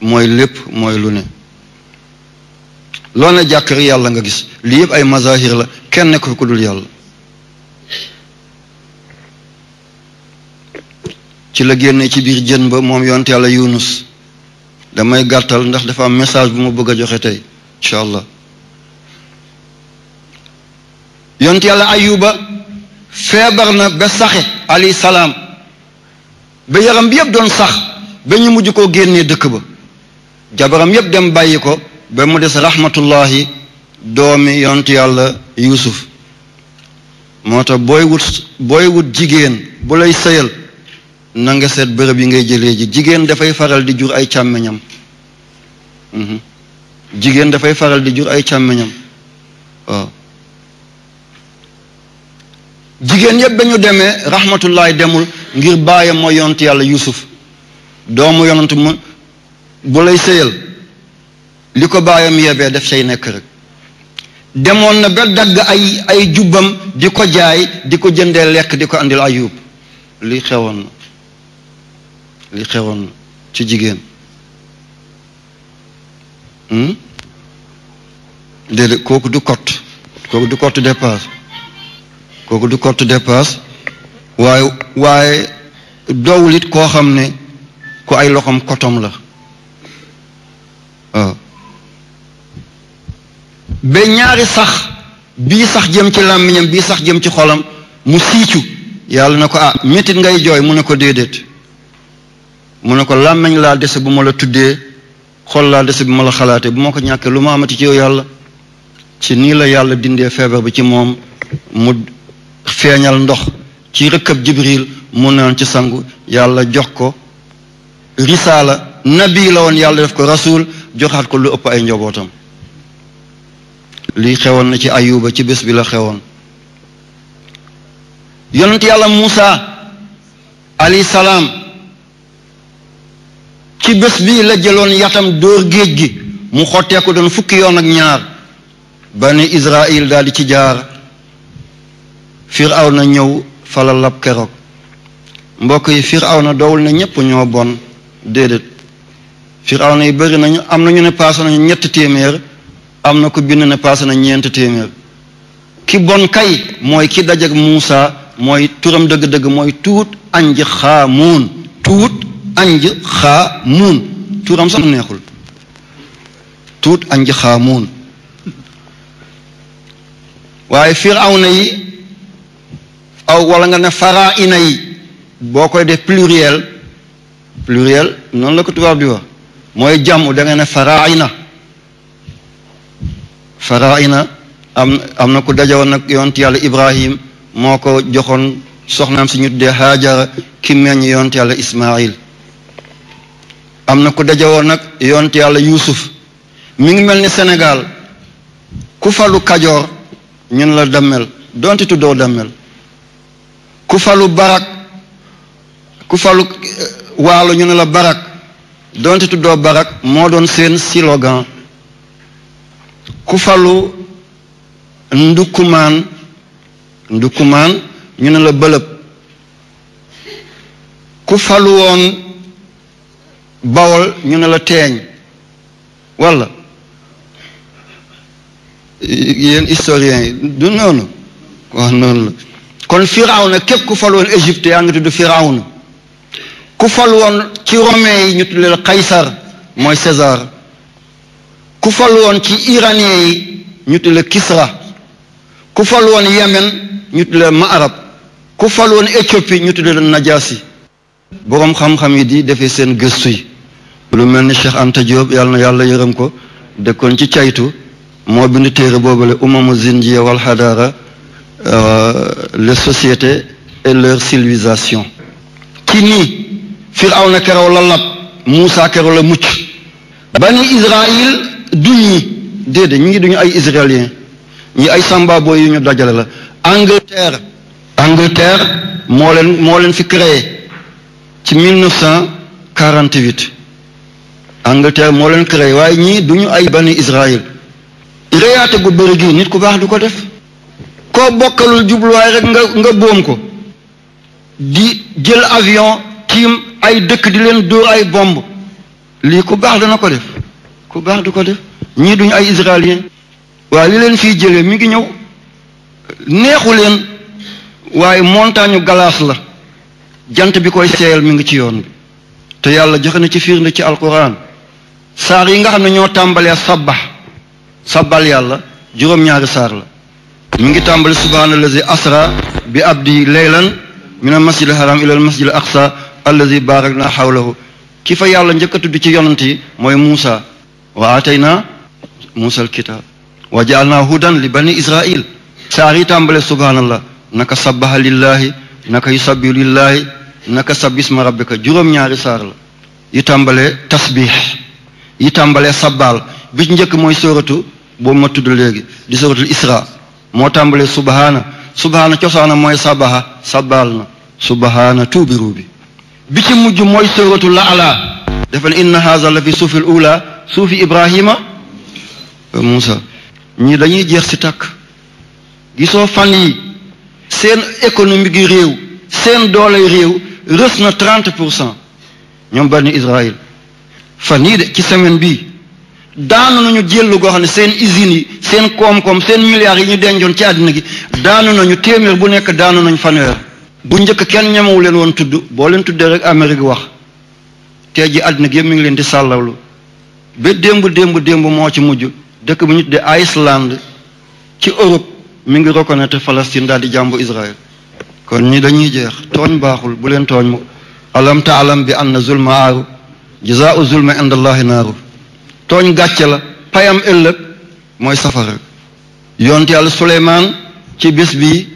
mooy lépp mooy lu ne loo ne jàkk rek nga gis lii yëpp ay mazahir la kenn nekk fi ku dul yàlla ci la génne ci biir jën ba moom yonte yàlla yunus damay gàttal ndax dafa am message bu ma bëgg joxe tey incha allah yonte ayuba febarna na ba saxe alayhi salaam ba yaram bi yëpp doon sax ba ñu mujj koo génnee dëkk ba jabaram yëpp dem bayiko. ba mu des rahmatullahi doomi yontu yàlla yusuf moo tax booy wut booy wut jigéen bu lay sëyal na nga seet bërëb yi ngay jëlee ji jigéen dafay faral di jur ay càmmiñam mhm. jigéen dafay faral di jur ay càmmiñam waaw jigéen yépp ba ñu demee rahmatullahi demul ngir baayam moo yont yàlla yusuf doomu yonantu mu bu lay sëyal li ko baayam yebee def say nekk rek demoon na ba dagg ay jubam jubbam di ko jaay di ko jëndee lekk di ko andil ayub li xewoon na li xewoon na ci jigéen hmm? déedéet kooku du kot kooku du cotte dépasse kooku du kot dépasse waaye waaye doowul it koo xam ne ku ay loxom kotom la waaw ba ñaari sax bii sax jëm ci làmmiñam bii sax jëm ci xolam mu siicu yàlla na ko ah métit ngay jooy mu ne ko déedéet mu ne ko làmmiñ laa dese bu ma la tuddee xol laa dese bu ma la xalaatee bu ma ko ñàkkee lu ma amati ci yow yàlla ci nii la yàlla dindee feebar bi ci moom mu feeñal ndox ci rëkkab jibril mu naan ci sangu yàlla jox ko risaala nabi la woon yàlla def ko rasul joxaat ko lu ëpp ay njogootam lii xewoon na ci ayuba ci bés bi la xewoon yonent yàlla Muusa alayhi salaam ci bés bi la jëloon yatam dóor géej gi mu xotteeku ko doon fukki yoon ak ñaar bani Israil daal di ci jaar na ñëw falalab lab keroog mbokk yi Firawna dowul ne ñépp ñoo bon déedéet Firawna yi bari nañu am na ñu ne paase nañu ñetti téeméer am na ko bind na paase na ñeent téeméer ki bon kay mooy ki dajeg Muusa mooy turam dëgg-dëgg mooy tuut anj xaamuun tuut anj xaamuun turam sax neexul tuut anj waaye firawna yi aw wala nga ne faraina yi boo koy def pluriel pluriel noonu la ko tubaab di wax mooy jàmm da nga ne na faraina am am na ku dajawoon nag yonent yàlla ibrahim moo ko joxoon soxnaam si ñu tuddee haajara ki meññ yonent yàlla ismail am na ku dajawoon nag yonent yàlla yuusuf mi ngi mel ni senegal ku falu kajoor ñun la dammel donte tuddoo dammel ku falu barak ku falu eh, waalo ñu ne la barak donte tuddoo barak moo doon seen slogan ku falu ndukkumaan ndukkumaan ñu ne la bëlëb ku falu woon bawol ñu ne la teeñ walla yéen historien yi du noonu wax noonu la kon firawna képp ku fal woon Égypte yaa ngi tudd firawna ku fal woon ci romain yi ñu tudd leen Kaysar mooy César ku fal woon ci iranien yi ñu tuddee Kisra ku fal woon Yemen ñu tuddee Maarab ku fal woon Éthiopie ñu tuddee Najaasi boroom xam-xam yi di defee seen gëstu yi lu mel ni Cheikh Anta Diop yàlla na yàlla yërëm ko de dëkkoon ci caytu moo bind téere boobale umamu zindiya wal xadaara euh, les sociétés et leur civilisation ci nii Firawna keroog la lab Muusa la mucc bani Israël du ñi déedéet ñii duñu ay israélien ñi ay sambabo yu ñu dajale la Angleterre Angleterre moo leen moo leen fi créé ci 1948 Angleterre moo leen créé waaye ñii duñu ay bani Israël reyaate gu bëri gii nit ku baax du ko def koo bokkalul jubluwaay rek nga nga boom ko di jël avion tiim ay dëkk di leen dóor ay bomb lii ku baax dana ko def ku baax du ko def ñii duñu ay israélien waaye li leen fiy jëlee mi ngi ñëw neexu leen waaye montagne galaas la jant bi koy seeyal mu ngi ci yoon bi te yàlla joxe na ci fiir firnde ci alquran saar yi nga xam ne ñoo tàmbalee sabba sabbal yàlla juróom-ñaari saar la mu ngi tàmbali subhaana allazi asra bi abdi leylan min al masjid al haram ila al masjid al aqsa allazi barak na xawlahu ki fa yàlla njëkk a tudd ci yonant yi mooy Muusa wa atayna musa alkitaab wa jaalna hudan li bani israil saar yi tàmbale subhaanallah naka sabbaha lillahi naka yusabbihu lillahi naka sabbisma rabbika juróom-ñaari saar la yi tàmbale tasbix yi tàmbale sabbaal bi ci njëkk mooy sóoratu boo ma tudd léegi di sóoratul isra moo tàmbale subhaana subhaana cosaana mooy sabaha sabbaal na subhaana tuubiru bi mujj mooy sóoratu la ala dafa inna haza la fi suufil ula suufi Ibrahima euh, musa ñi dañuy jeex si tàkk gisoo fan yi seen économie gi réew seen doole réew rës na 30 pour cent ñoom bani Israël fan yi de ci semaine bii daanu nañu jëllu goo xam ne seen usines yi seen koom-koom seen milliards yi ñu denjoon ci àddina gi daanu nañu téeméer bu nekk daanu nañ fanweer bu njëkk kenn ñemewu leen woon tudd boo leen tuddee rek Amérique wax tey ji àddina gi yëpp mi ngi leen di sàllawlu ba démb démb démb moo ci mujj dëkk bu ñu tuddee Iceland ci Europe mu ngi reconnaître Palestine daal di jàmbu Israël kon ñi dañuy jeex tooñ baaxul bu leen tooñ mu alam taalam bi anna zulma aaru u zulma inda allahi naaru tooñ gàcce la payam ëllëg mooy safara yont yàlla suleymaan ci bis bi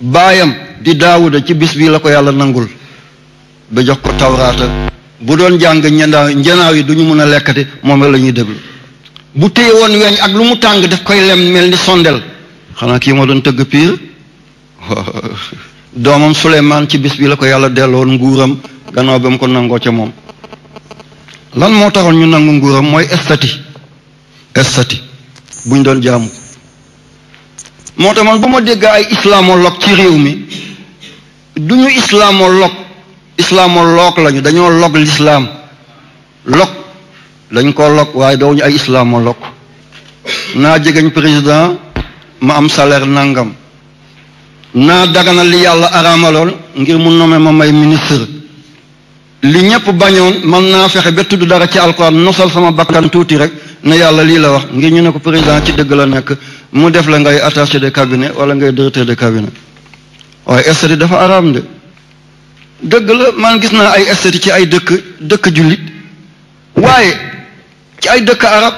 baayam di daawuda ci bis bi la ko yàlla nangul ba jox ko tawraata bu doon jàng ñandaaw njanaaw yi du ñu mën a lekkati moom la ñuy déglu bu téye woon weñ ak lu mu tàng daf koy lem mel ni sondel xanaa kii moo doon tëgg piir doomam Suleymaan ci bis bi la ko yàlla delloon nguuram gannaaw ba mu ko nangoo ca moom lan moo taxoon ñu nangu nguuram mooy estati estati bu ñu doon jaamu moo tax man bu ma dégg ay islamologue ci réew mi du ñu islamologue lok lañu lagi, lok l'islam lok lañ ko lok waye dooñu ay lok. na jegeñ président ma am salaire nangam na dagana li yàlla araamaloon ngir mu nome ma may ministre li ñepp bañoon man na fexé ba tuddu dara ci nosal sama bakkan tuuti rek na yalla li la wax ngir ñu ne président ci deug la nekk mu def la ngay attaché de cabinet wala ngay directeur de cabinet dafa aram de dëgg la man gis naa ay esthétique ci ay dëkk dëkk jullit waaye ci ay dëkk arab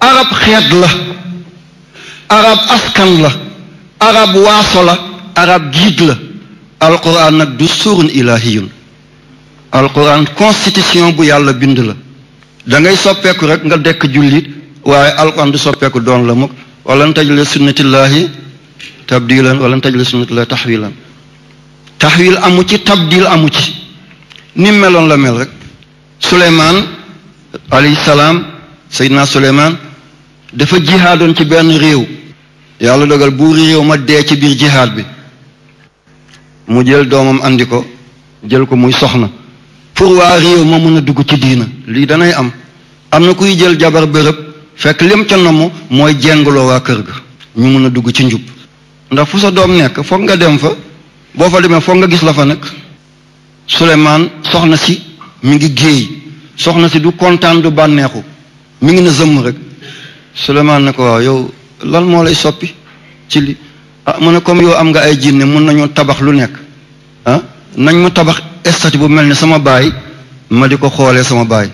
arab xeet la arab askan la arab waaso la arab giid la alquran nag du suurun ilahiyun alquran constitution bu yàlla bind la da ngay soppeeku rek nga dekk jullit waaye alquran du soppeeku doon la mukk walan tajle sunnatillahi tabdilan walan tajle sunnatillahi tahwilan tahwil amu ci tabdil amu ci ni melon la mel rek suleyman alayhi salam sayyidina suleyman dafa jihadon ci ben rew yalla dogal bu rew ma de ci bir jihad bi mu jël domam andiko jël ko muy soxna pour wa rew ma meuna ci diina li danay am amna kuy jël jabar beurep fek lim ca nomu moy jengloo wa keur ga ñu meuna dugg ci njub ndax fu sa dom nek nga dem fa boo fa demee foog nga gis la fa nag suleymaan soxna si mi ngi géey soxna si du kontaan du bànneexu mi ngi na zëmm rek suleymaan ne ko waaw yow lan moo lay soppi ci li ah mu ne comme yow am nga ay jinne mun nañu tabax lu nekk ah nañ ma tabax estati bu mel ni sama bayi, ma di ko xoolee sama bayi,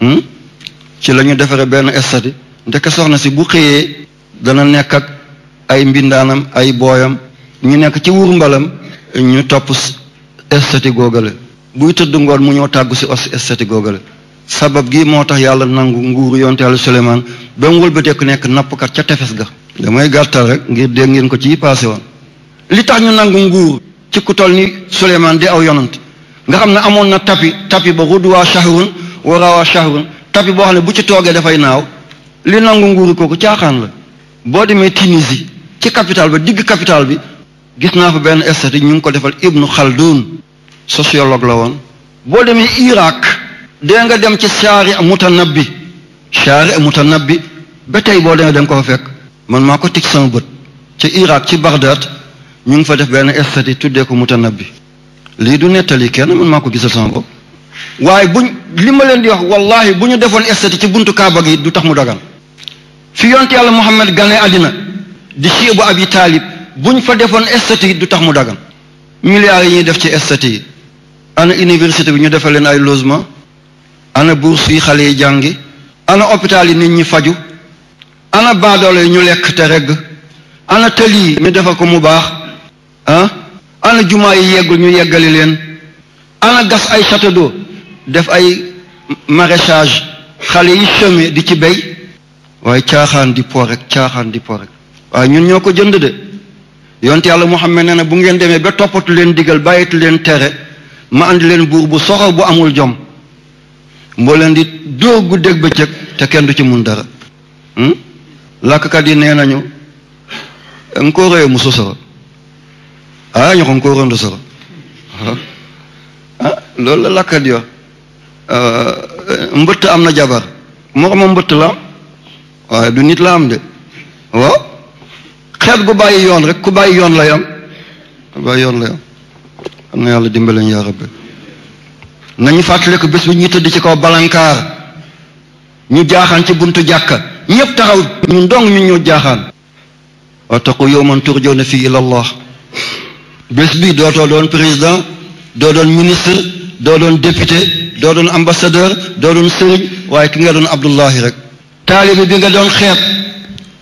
hmm? ci la ñu defare benn estati ndeke soxna si bu xëyee dana nekk ak ay mbindaanam ay booyam ñu nekk ci wuur mbalam ñu topp estati googale buy tëdd ngoon mu ñëw tàggu si os estati googale sabab gi moo tax yàlla nangu nguuru yonte yàlla Suleymaan ba mu wëlbateeku nekk nappkat ca tefes ga damay gàttal rek ngir dégg ngeen ko ci passé woon li tax ñu nangu nguur ci ku toll ni Suleymaan di aw yonant nga xam ne amoon na tapi tapi ba rudwaa shahrun warawaa shahrun tapi boo xam ne bu ci toogee dafay naaw li nangu nguuru kooku caaxaan la boo demee Tunisie ci capital ba digg capital bi gis naa fa benn estati ñu ngi ko defal Ibnu Khaldun sociologue la woon boo demee Irak dee nga dem ci saari mutanabbi saari mutanabbi ba tey boo demee da nga ko fa fekk man maa ko tig sama bët ci Irak ci Bagdad ñu ngi fa def benn estati tuddee ko mutanabbi lii du nettali kenn man maa ko gisal sama bopp waaye buñ li ma leen di wax wallahi bu ñu defoon estati ci buntu Kaaba gi du tax mu dagan fi yonte yàlla Muhammad gane àddina di siibu Abi Taalib bu ñu fa defoon esthétique du tax mu dagan milliards yi ñuy def ci esthétique ana université bi ñu defal leen ay logement ana bourse yi xale yi jàngi ana hôpital yi nit ñi faju ana baadoolo yi ñu lekk te regg ana tël yi ñu defal ko mu baax ah ana jumaa yi yeggul ñu yeggali leen ana gas ay château d'eau def ay maraîchage xale yi semé di ci béy waaye caaxaan di po rek caaxaan di po rek waaye ñun ñoo ko jënd de yonte yalla muhammad nee bu ngeen demee ba toppatu leen digal bàyyitu leen tere ma andi leen buur bu soxor bu amul jom moo leen di dóor guddeeg bëccëg te kenn du ci mun dara hmm? làkkat yi nee nañu musu ye ah ñu a y'a ɲɔgɔn nkoro dɔ ah loolu la làkkat yi wa ah, mbëtt am jabar xam mbëtt la waaye du nit la am de waaw xeet bu bàyyi yoon rek ku bàyyi yoon lay am ku bàyyi yoon lay am am na yàlla dimbalañ yaa rabbi nañu fàttaliku bés bi ñuy tëdd ci kaw balankaar ñu jaaxaan ci buntu jàkka ñëpp taxaw ñu ndong ñu ñëw jaaxaan wattaqu yawman turjawna fii ila allah bés bi dootoo doon président doo doon ministre doo doon député doo doon ambassadeur doo doon sëriñ waaye ki nga doon abdullahi rek taalibe bi nga doon xeet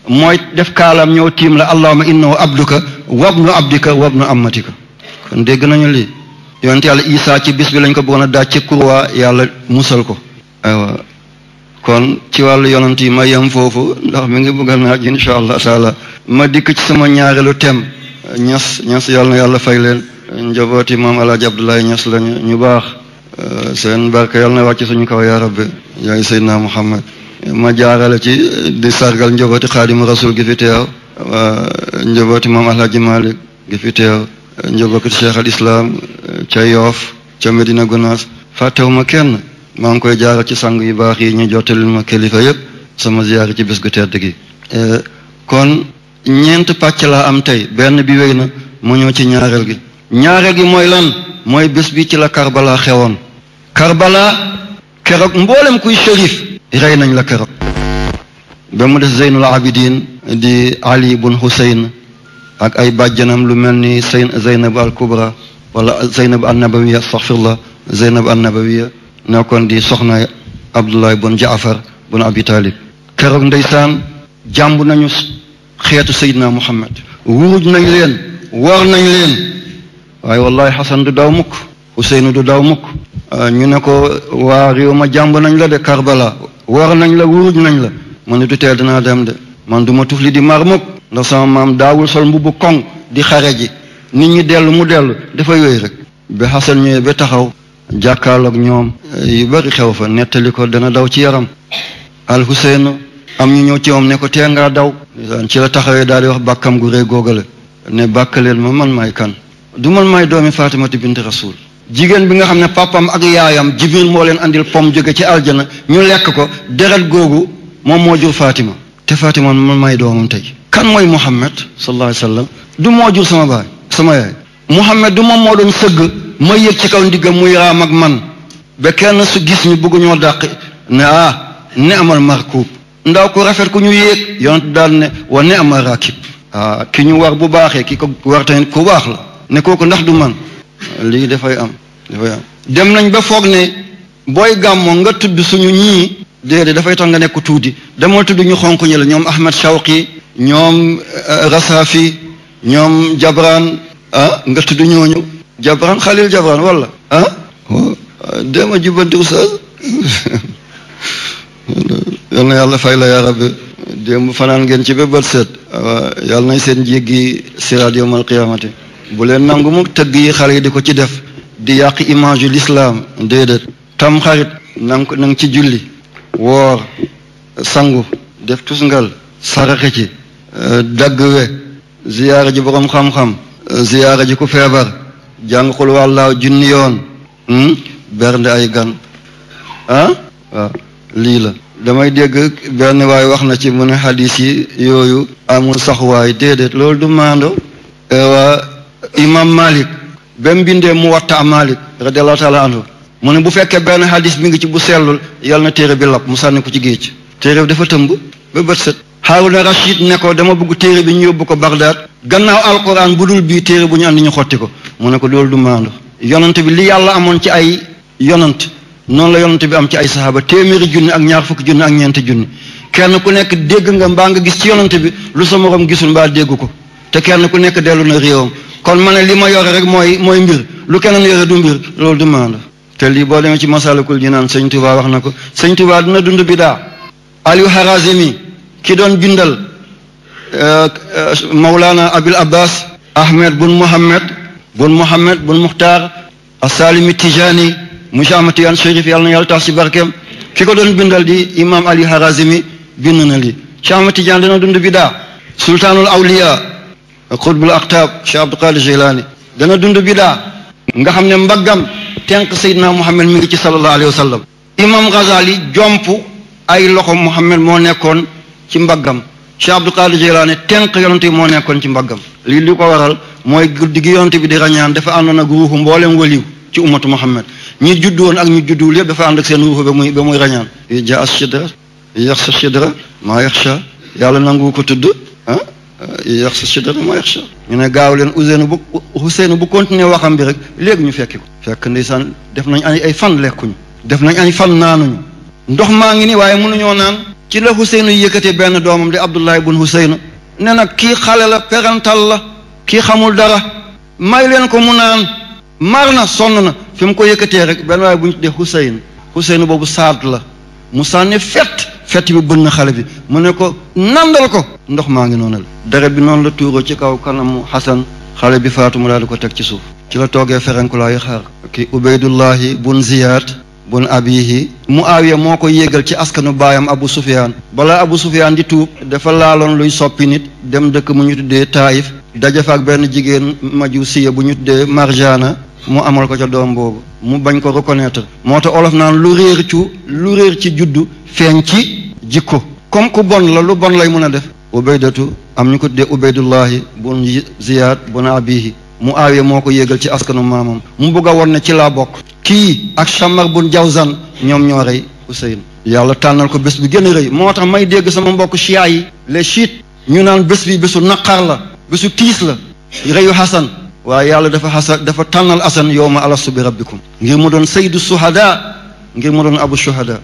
mooy def kaalaam ñëw tiim la allahuma innahu abduka wabnu abdika wabnu amatika kon dégg nañu li yonent yàlla isaa ci bis bi lañ ko bëggoon a daaj ci kurwaa yàlla musal ko aywa kon ci wàllu yonent yi ma yem foofu ndax mi ngi bëgg a naaj insha allah taala ma dikk ci sama ñaareelu tem ñas ñas yàlla na yàlla fay leen njabooti maam alaaji abdoulaye ñas lañu ñu baax seen barke yàlla na wàcc suñu kaw yaa rabbi yaay seydina muhammad ma jaarale ci di sargal njabooti xaadimu rasul gi fi teew njabooti moom alhaji malik gi fi teew njabooti cheikh al islam eh, ca yoof ca medina gunaas fàttewuma kenn maa ngi koy jaaral ci sang yu baax yi ñu jottalil ma kilifa yépp sama ziyaar ci bés gu tedd gi eh, kon ñeent pàcc la am tey benn bi wéy na mu ci ñaareel gi ñaareel gi mooy lan mooy bés bi ci la karbala xewoon karbala keroog mboolem kuy shérif rey nañ la keroog ba mu des zeynul abidin di ali bun huseyn ak ay bàjjanam lu mel ni seyn zeynab al kubra wala zeynab an nabawiya astaghfirullah zeynab an nabawiya nekkoon di soxna abdullah ibn jaafar bun abi talib keroog ndeysaan jàmb nañu xeetu sayidna muhammad wuruj nañ leen war nañ leen waaye wallahi xasan du daw mukk huseynu du daw mukk ñu ne ko waa réew ma jàmb nañ la de karbala war nañ la wuruj nañ la man du te danaa dem de man du ma tufli di mar mukk ndax sama maam daawul sol mbubu koŋ di xare ji nit ñi dellu mu dellu dafa yooyu rek ba xasan ñëwee ba taxaw jàkkaarloog ñoom yu bari xew fa nettali ko dana daw ci yaram al Huseynu am ñu ñëw ci moom ne ko tee ngaa daw ci la taxawee daal di wax bàkkam gu rey googale ne bàkkaleen ma man maay kan du man maay doomi Faatimata binti Rasuul jigéen bi nga xam ne papam ag yaayam jibril moo leen andil pom jóge ci aljana ñu lekk ko deret googu moom moo jur Fatima te Fatima man may doomam tey kan mooy Muhammad sallallahu alayhi du moo jur sama baay sama yaay Muhammad du moom moo doon sëgg ma yëg ci kaw ndiggam mu raam ak man ba kenn su gis ñu bëgg ñoo dàq ne ah ne amal markuub ndaw ku rafet ku ñu yéeg yonent daal ne wa ne amal raakib ah ki ñu war bu baaxee ki ko war tamit ku baax la ne kooku ndax du man lii dafay am dem nañ ba foog ne booy gàmmoo nga tudd suñu ñii déedéet dafay tax nga nekk tuuti demal du ñu xonq ñi la ñoom Ahmed Shawqi ñoom euh, Rasafi ñoom Jabran ah du tudd ñooñu Jabran Khalil Jabran wala ah, dem a jubbanti oustaz yàlla fay la yaa rabbi fanaan ngeen ci ba nañ seen jéggi siraat yowmal qiyaamati bu leen nangu mu tëgg yi xale yi di ko ci def di yàq image yu lislaam déedéet tam xarit na ci julli woor sangu def tusngal saraxe ci euh, dagg we ziyaara ji boroom xam-xam euh, ziyaara ji ku feebar jàng xul wàllaaw junni hmm, bernde ay gan ah waaw la damay dégg benn waay wax na ci mu ne xadiis yi yooyu amul saxuwaay déedéet loolu du maando euh, imam malik ba binde bindee muwatta malik radiallahu taala anhu mu ne bu fekkee benn hadis mi ngi ci bu sellul yàlla na téere bi lap mu sànni ko ci géej téere bi dafa tëmb ba bët set Haruna Rashid ne ko dama bëgg téere bi ñu yóbbu ko Bagdad gannaaw alquran bu dul bii téere bu ñu andi ñu xotti ko mu ne ko loolu du maandu yonante bi li yàlla amoon ci ay yonant noonu la yonante bi am ci ay saxaaba téeméeri junni ak ñaar fukki junni ak ñeenti junni kenn ku nekk dégg nga mbaa nga gis ci yonante bi lu sa morom gisul mbaa dégg ko te kenn ku nekk dellu na réewam kon ma ne li ma yore rek mooy mooy mbir lu keneen yore du mbir loolu du maandu te lii boo demee ci masalakul jinaan sëñ Tuba wax na ko sëñ Tuba dina dund bidaa Aliou Harazimi ki doon bindal euh, euh, Mawlana Abil Abbas Ahmed bun Mohammed bun Mohammed bun Muxtaar Asalimi Tijani mujaamati an Chérif yàlla na yàlla tax si barkeem ki ko doon bindal di imam Aliou Harazimi bind na lii Chama Tijani dina dund bidaa sultaanul awliya xutbul aqtaab Cheikh Abdul Qaadir Jeylaani dana dund bidaa nga xam ne mbaggam tenk Seydina Muhammad mi ngi ci sallallahu alayhi wa sallam imam Ghazali jomp ay loxo Muhammad moo nekkoon ci mbaggam Cheikh Abdul Qaadir Jeylaani tenk yonent moo nekkoon ci mbaggam lii li ko waral mooy guddi gi yonent bi di rañaan dafa àndoon ak ruuxu mbooleem waliw ci ummatu Muhammad ñi judd woon ak ñi judduwul lépp dafa ànd ak seen ruuxu ba muy rañaan ja as sidra yaxsa sidra maa nangu ko tudd ah. yax sa si dana ma yax sa ñu ne gaaw leen Ousseynou bu Ousseynou bu continuer waxam bi rek léegi ñu fekki ko fekk ndeysaan def nañ ay ay fan lekkuñu def nañ ay fan naanuñu ndox maa ngi ni waaye mënuñoo naan ci la Ousseynou yëkkatee benn doomam di Abdoulaye bun Ousseynou ne nag kii xale la perantal la kii xamul dara may leen ko mu naan mar na sonn na fi mu ko yëkkatee rek benn waaye bu ñu tuddee Ousseynou Ousseynou boobu saad la mu sànni fett fett bi bënn xale bi mu ne ko nandal ko ndox ma ngi nonal dara bi non la tuugo ci kaw kanamu hasan xale bi faatu mu daal ko tek ci suuf ci la toge toogee yi xaar ki ubaydullah bun Ziyaad bun abihi muawiya moo ko yéegal ci askanu baayam abu sufiyaan balaa abu sufiyaan di tuub dafa laaloon luy soppi nit dem dëkk mu ñu tuddee taayif dajafa ak benn jigéen majusiya bu ñu tuddee marjana mu amal ko ca doom boobu mu bañ ko reconnaître moo tax olof naan lu réer ci lu réer ci juddu feeñ ci jikko comme ku bon la lu bon lay mën a def ubaydatu am ñu ko tuddee ubaydullahi bun ziyaad bun abihi mu aawiya moo ko yéegal ci askanu maamam mu bëgg a won ne ci laa bokk kii ak Shammar bun Jawzan ñoom ñoo rey Usayn yàlla tànnal ko bés bi gën rey moo tax may dégg sama mbokk chia yi les chiites ñu naan bés bi bésu naqar la bésu tiis la reyu Hasan waaye yàlla dafa xasa dafa tànnal Hasan yow ma alastu bi rabbikum ngir ma doon saydu suhada ngir mu doon abu suhada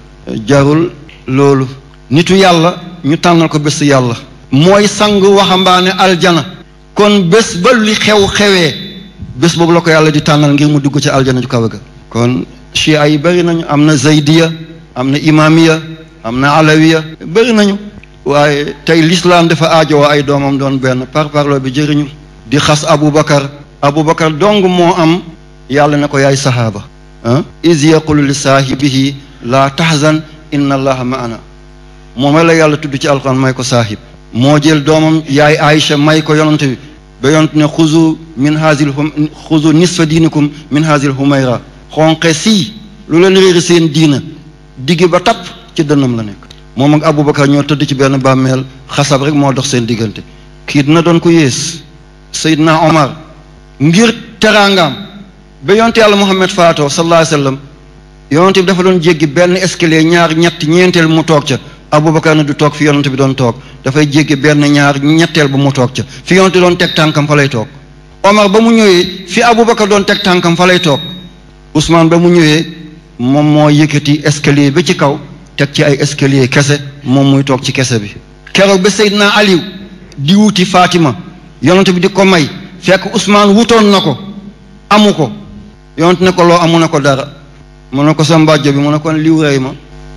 jarul loolu nitu yàlla ñu tànnal ko bés yàlla mooy sang waxambaane aljana kon bés ba li xew xewee bés boobu la ko yàlla di tànnal ngir mu dugg ci aljana ju kawe ga kon chia yi bëri nañu am na zaydiya am na imamiya am na alawiya bëri nañu waaye tey lislaam dafa aajowoo ay doomam doon benn par parlo bi jëriñu di xas aboubacar aboubacar dong moo am yàlla na ko yaay sahaaba iz yaqulu li saahibihi laa tahzan inna allaha maana moom la yàlla tudd ci alquran may ko saahib moo jël doomam yaay Aïcha may ko yonante bi ba yonante ne xuzu min haazil xuzu nisfa diinikum min haazil humayra xonqe sii lu leen réeri seen diina digg ba tapp ci dënnam la nekk moom ak Aboubacar ñoo tëdd ci benn bàmmeel xasab rek moo dox seen diggante kii dina doon ko yées Seydina Omar ngir teraangam ba yonte yàlla Muhammad faatoo sallallahu alayhi wa sallam yonante dafa doon jéggi benn escalier ñaar ñett ñeenteel mu toog ca Abubakar na du toog fi yonante bi doon toog dafay jéggi benn ñaar ñetteel ba mu toog ca fi yonante doon teg tànkam fa lay toog Omar ba mu ñëwee fi Abubakar doon teg tànkam falay toog Ousmane ba mu ñëwee moom moo yëkkati escalier ba ci kaw teg ci ay escalier kese moom muy toog ci kese bi keroog ba Seydina Aliou di wuti Fatima yonante bi di ko may fekk Ousmane wutoon na ko amu ko yonante na ko loo amu na ko dara mu na ko sa mbàjjo bi mu ne kon liw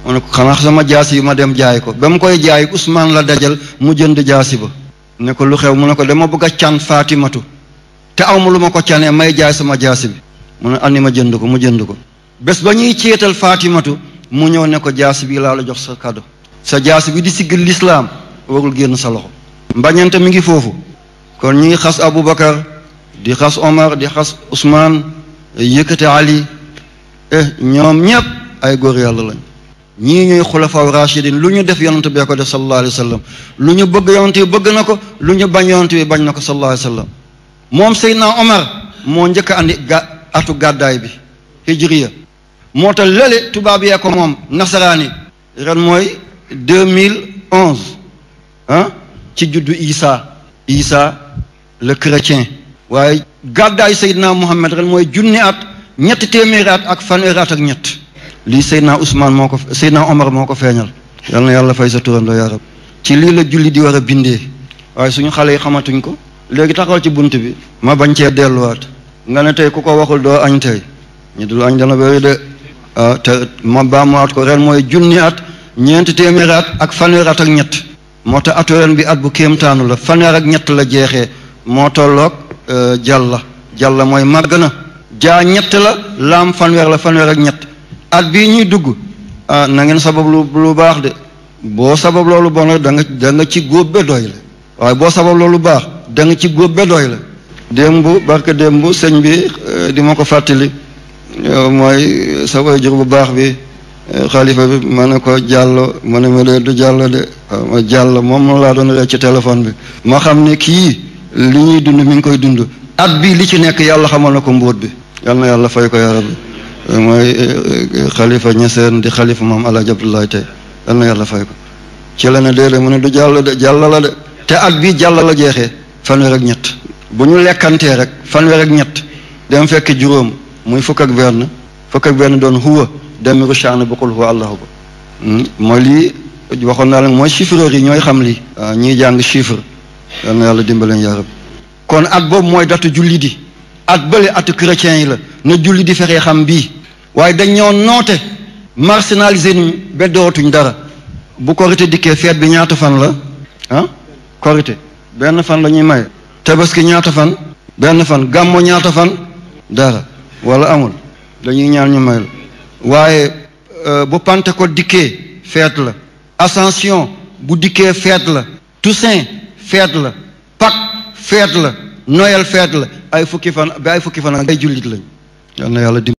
mu ne ko xanaa sama jaasi yi ma dem jaay ko ba mu koy jaay Ousmane la dajal mu jënd jaasi ba ne ko lu xew mu ne ko dama bëgg a can Faatimatu te aw ma lu ma ko canee may jaay sama jaasi bi mu ne andi ma jënd ko mu jënd ko bés ba ñuy ceetal Faatimatu mu ñëw ne ko jaasi bi laa la jox sa kado sa jaasi bi di siggil lislaam warul génn sa loxo mbañante mi ngi foofu kon ñi ngi xas Aboubacar di xas Omar di xas usmaan yëkkate Ali eh ñoom ñépp ay góor yàlla lañ ñi ñuy xulafaaw rachidin lu ñu def yonent bi ko def sallallahu alayhi wasallam sallam lu ñu bëgg yonent bi bëgg nako ko lu ñu bañ yonent bi bañ nako sallallahu alayhi wasallam mom moom umar mo ñëk andi atu gaday bi hijriya mota lële tuba bi ko mom nasrani ran moy 2011 mille ci juddu Isa Isa le chrétien waye gaday Seydina Muhammad ran moy junni at ñetti téeméeri ak fanweeri ak ñett lii Seydina Ousmane moo ko na Omar moo ko feeñal yal na yàlla fay sa turandoo yaa rab ci lii la julli di war a bindee waaye suñu xale yi xamatuñ ko léegi taxawal ci bunt bi ma bañ cee delluwaat nga ne tey ku ko waxul doo añ tey ñu dul añ dana bëri de ah te ko ren mooy junni at ñeenti téeméeri ak fanweer ak ñett moo tax atu bi at bu kéemtaanu la fanweer ak ñett la jeexee moo tolloog eh, jàlla jàlla mooy màgg na jaa ñett la laam fanweer la fanweer ak ñett at bii ñuy dugg ah na sabab lu baax de boo sabab loolu bon nag da nga ci góob be doy la waaye boo sabab loolu baax da ci góob be doy la démb barke démb señ bi eh, di ma ko fàttali eh, mooy eh, sa way jur bu baax bi xalifa bi ma ne ko jàllo ma ne ma du jàllo de ah, ma jàllo moom laa doon rek ci téléphone bi ma xam ne kii li ñuy dund mu ngi koy dund at bi li ci nekk yàlla xamal na ko mbóot bi yal yàlla fay ko yàlla bi mooy xalifa eh, eh, ñeseen di xalifa moom alaaji abdoulaye tey yal na yàlla fay ko ci la ne déedéet mu ne du jàll de jàll de te at bi jàll jeexee fanweer ak ñett bu ñu lekkantee rek fanweer ak ñett dem fekk juróom muy fukk ak benn fukk ak benn doon huwa dem miru shaana bokkul huwa allahu ba hmm, mooy lii waxoon naa la mooy chiffreur yi ñooy xam lii ah, ñiy jàng chiffre yal na yàlla dimbaleen yaa kon at boobu mooy datu julli di at bële atu chrétien yi la na waaye dañ ñoo noote marginalisé ñu ba dootuñ dara bu korité dikkee feet bi ñaata fan la ah korité benn fan la ñuy maye tabaski ñaata fan benn fan gàmmo ñaata fan dara wala amul dañuy ñaan ñu may la waaye euh, bu Pentecôte dikkee feet la Ascension bu dikkee feet la Toussaint feet la Pâques feet la Noël feet la ay fukki fan ba ay fukki fan ak ay jullit lañ yal na yàlla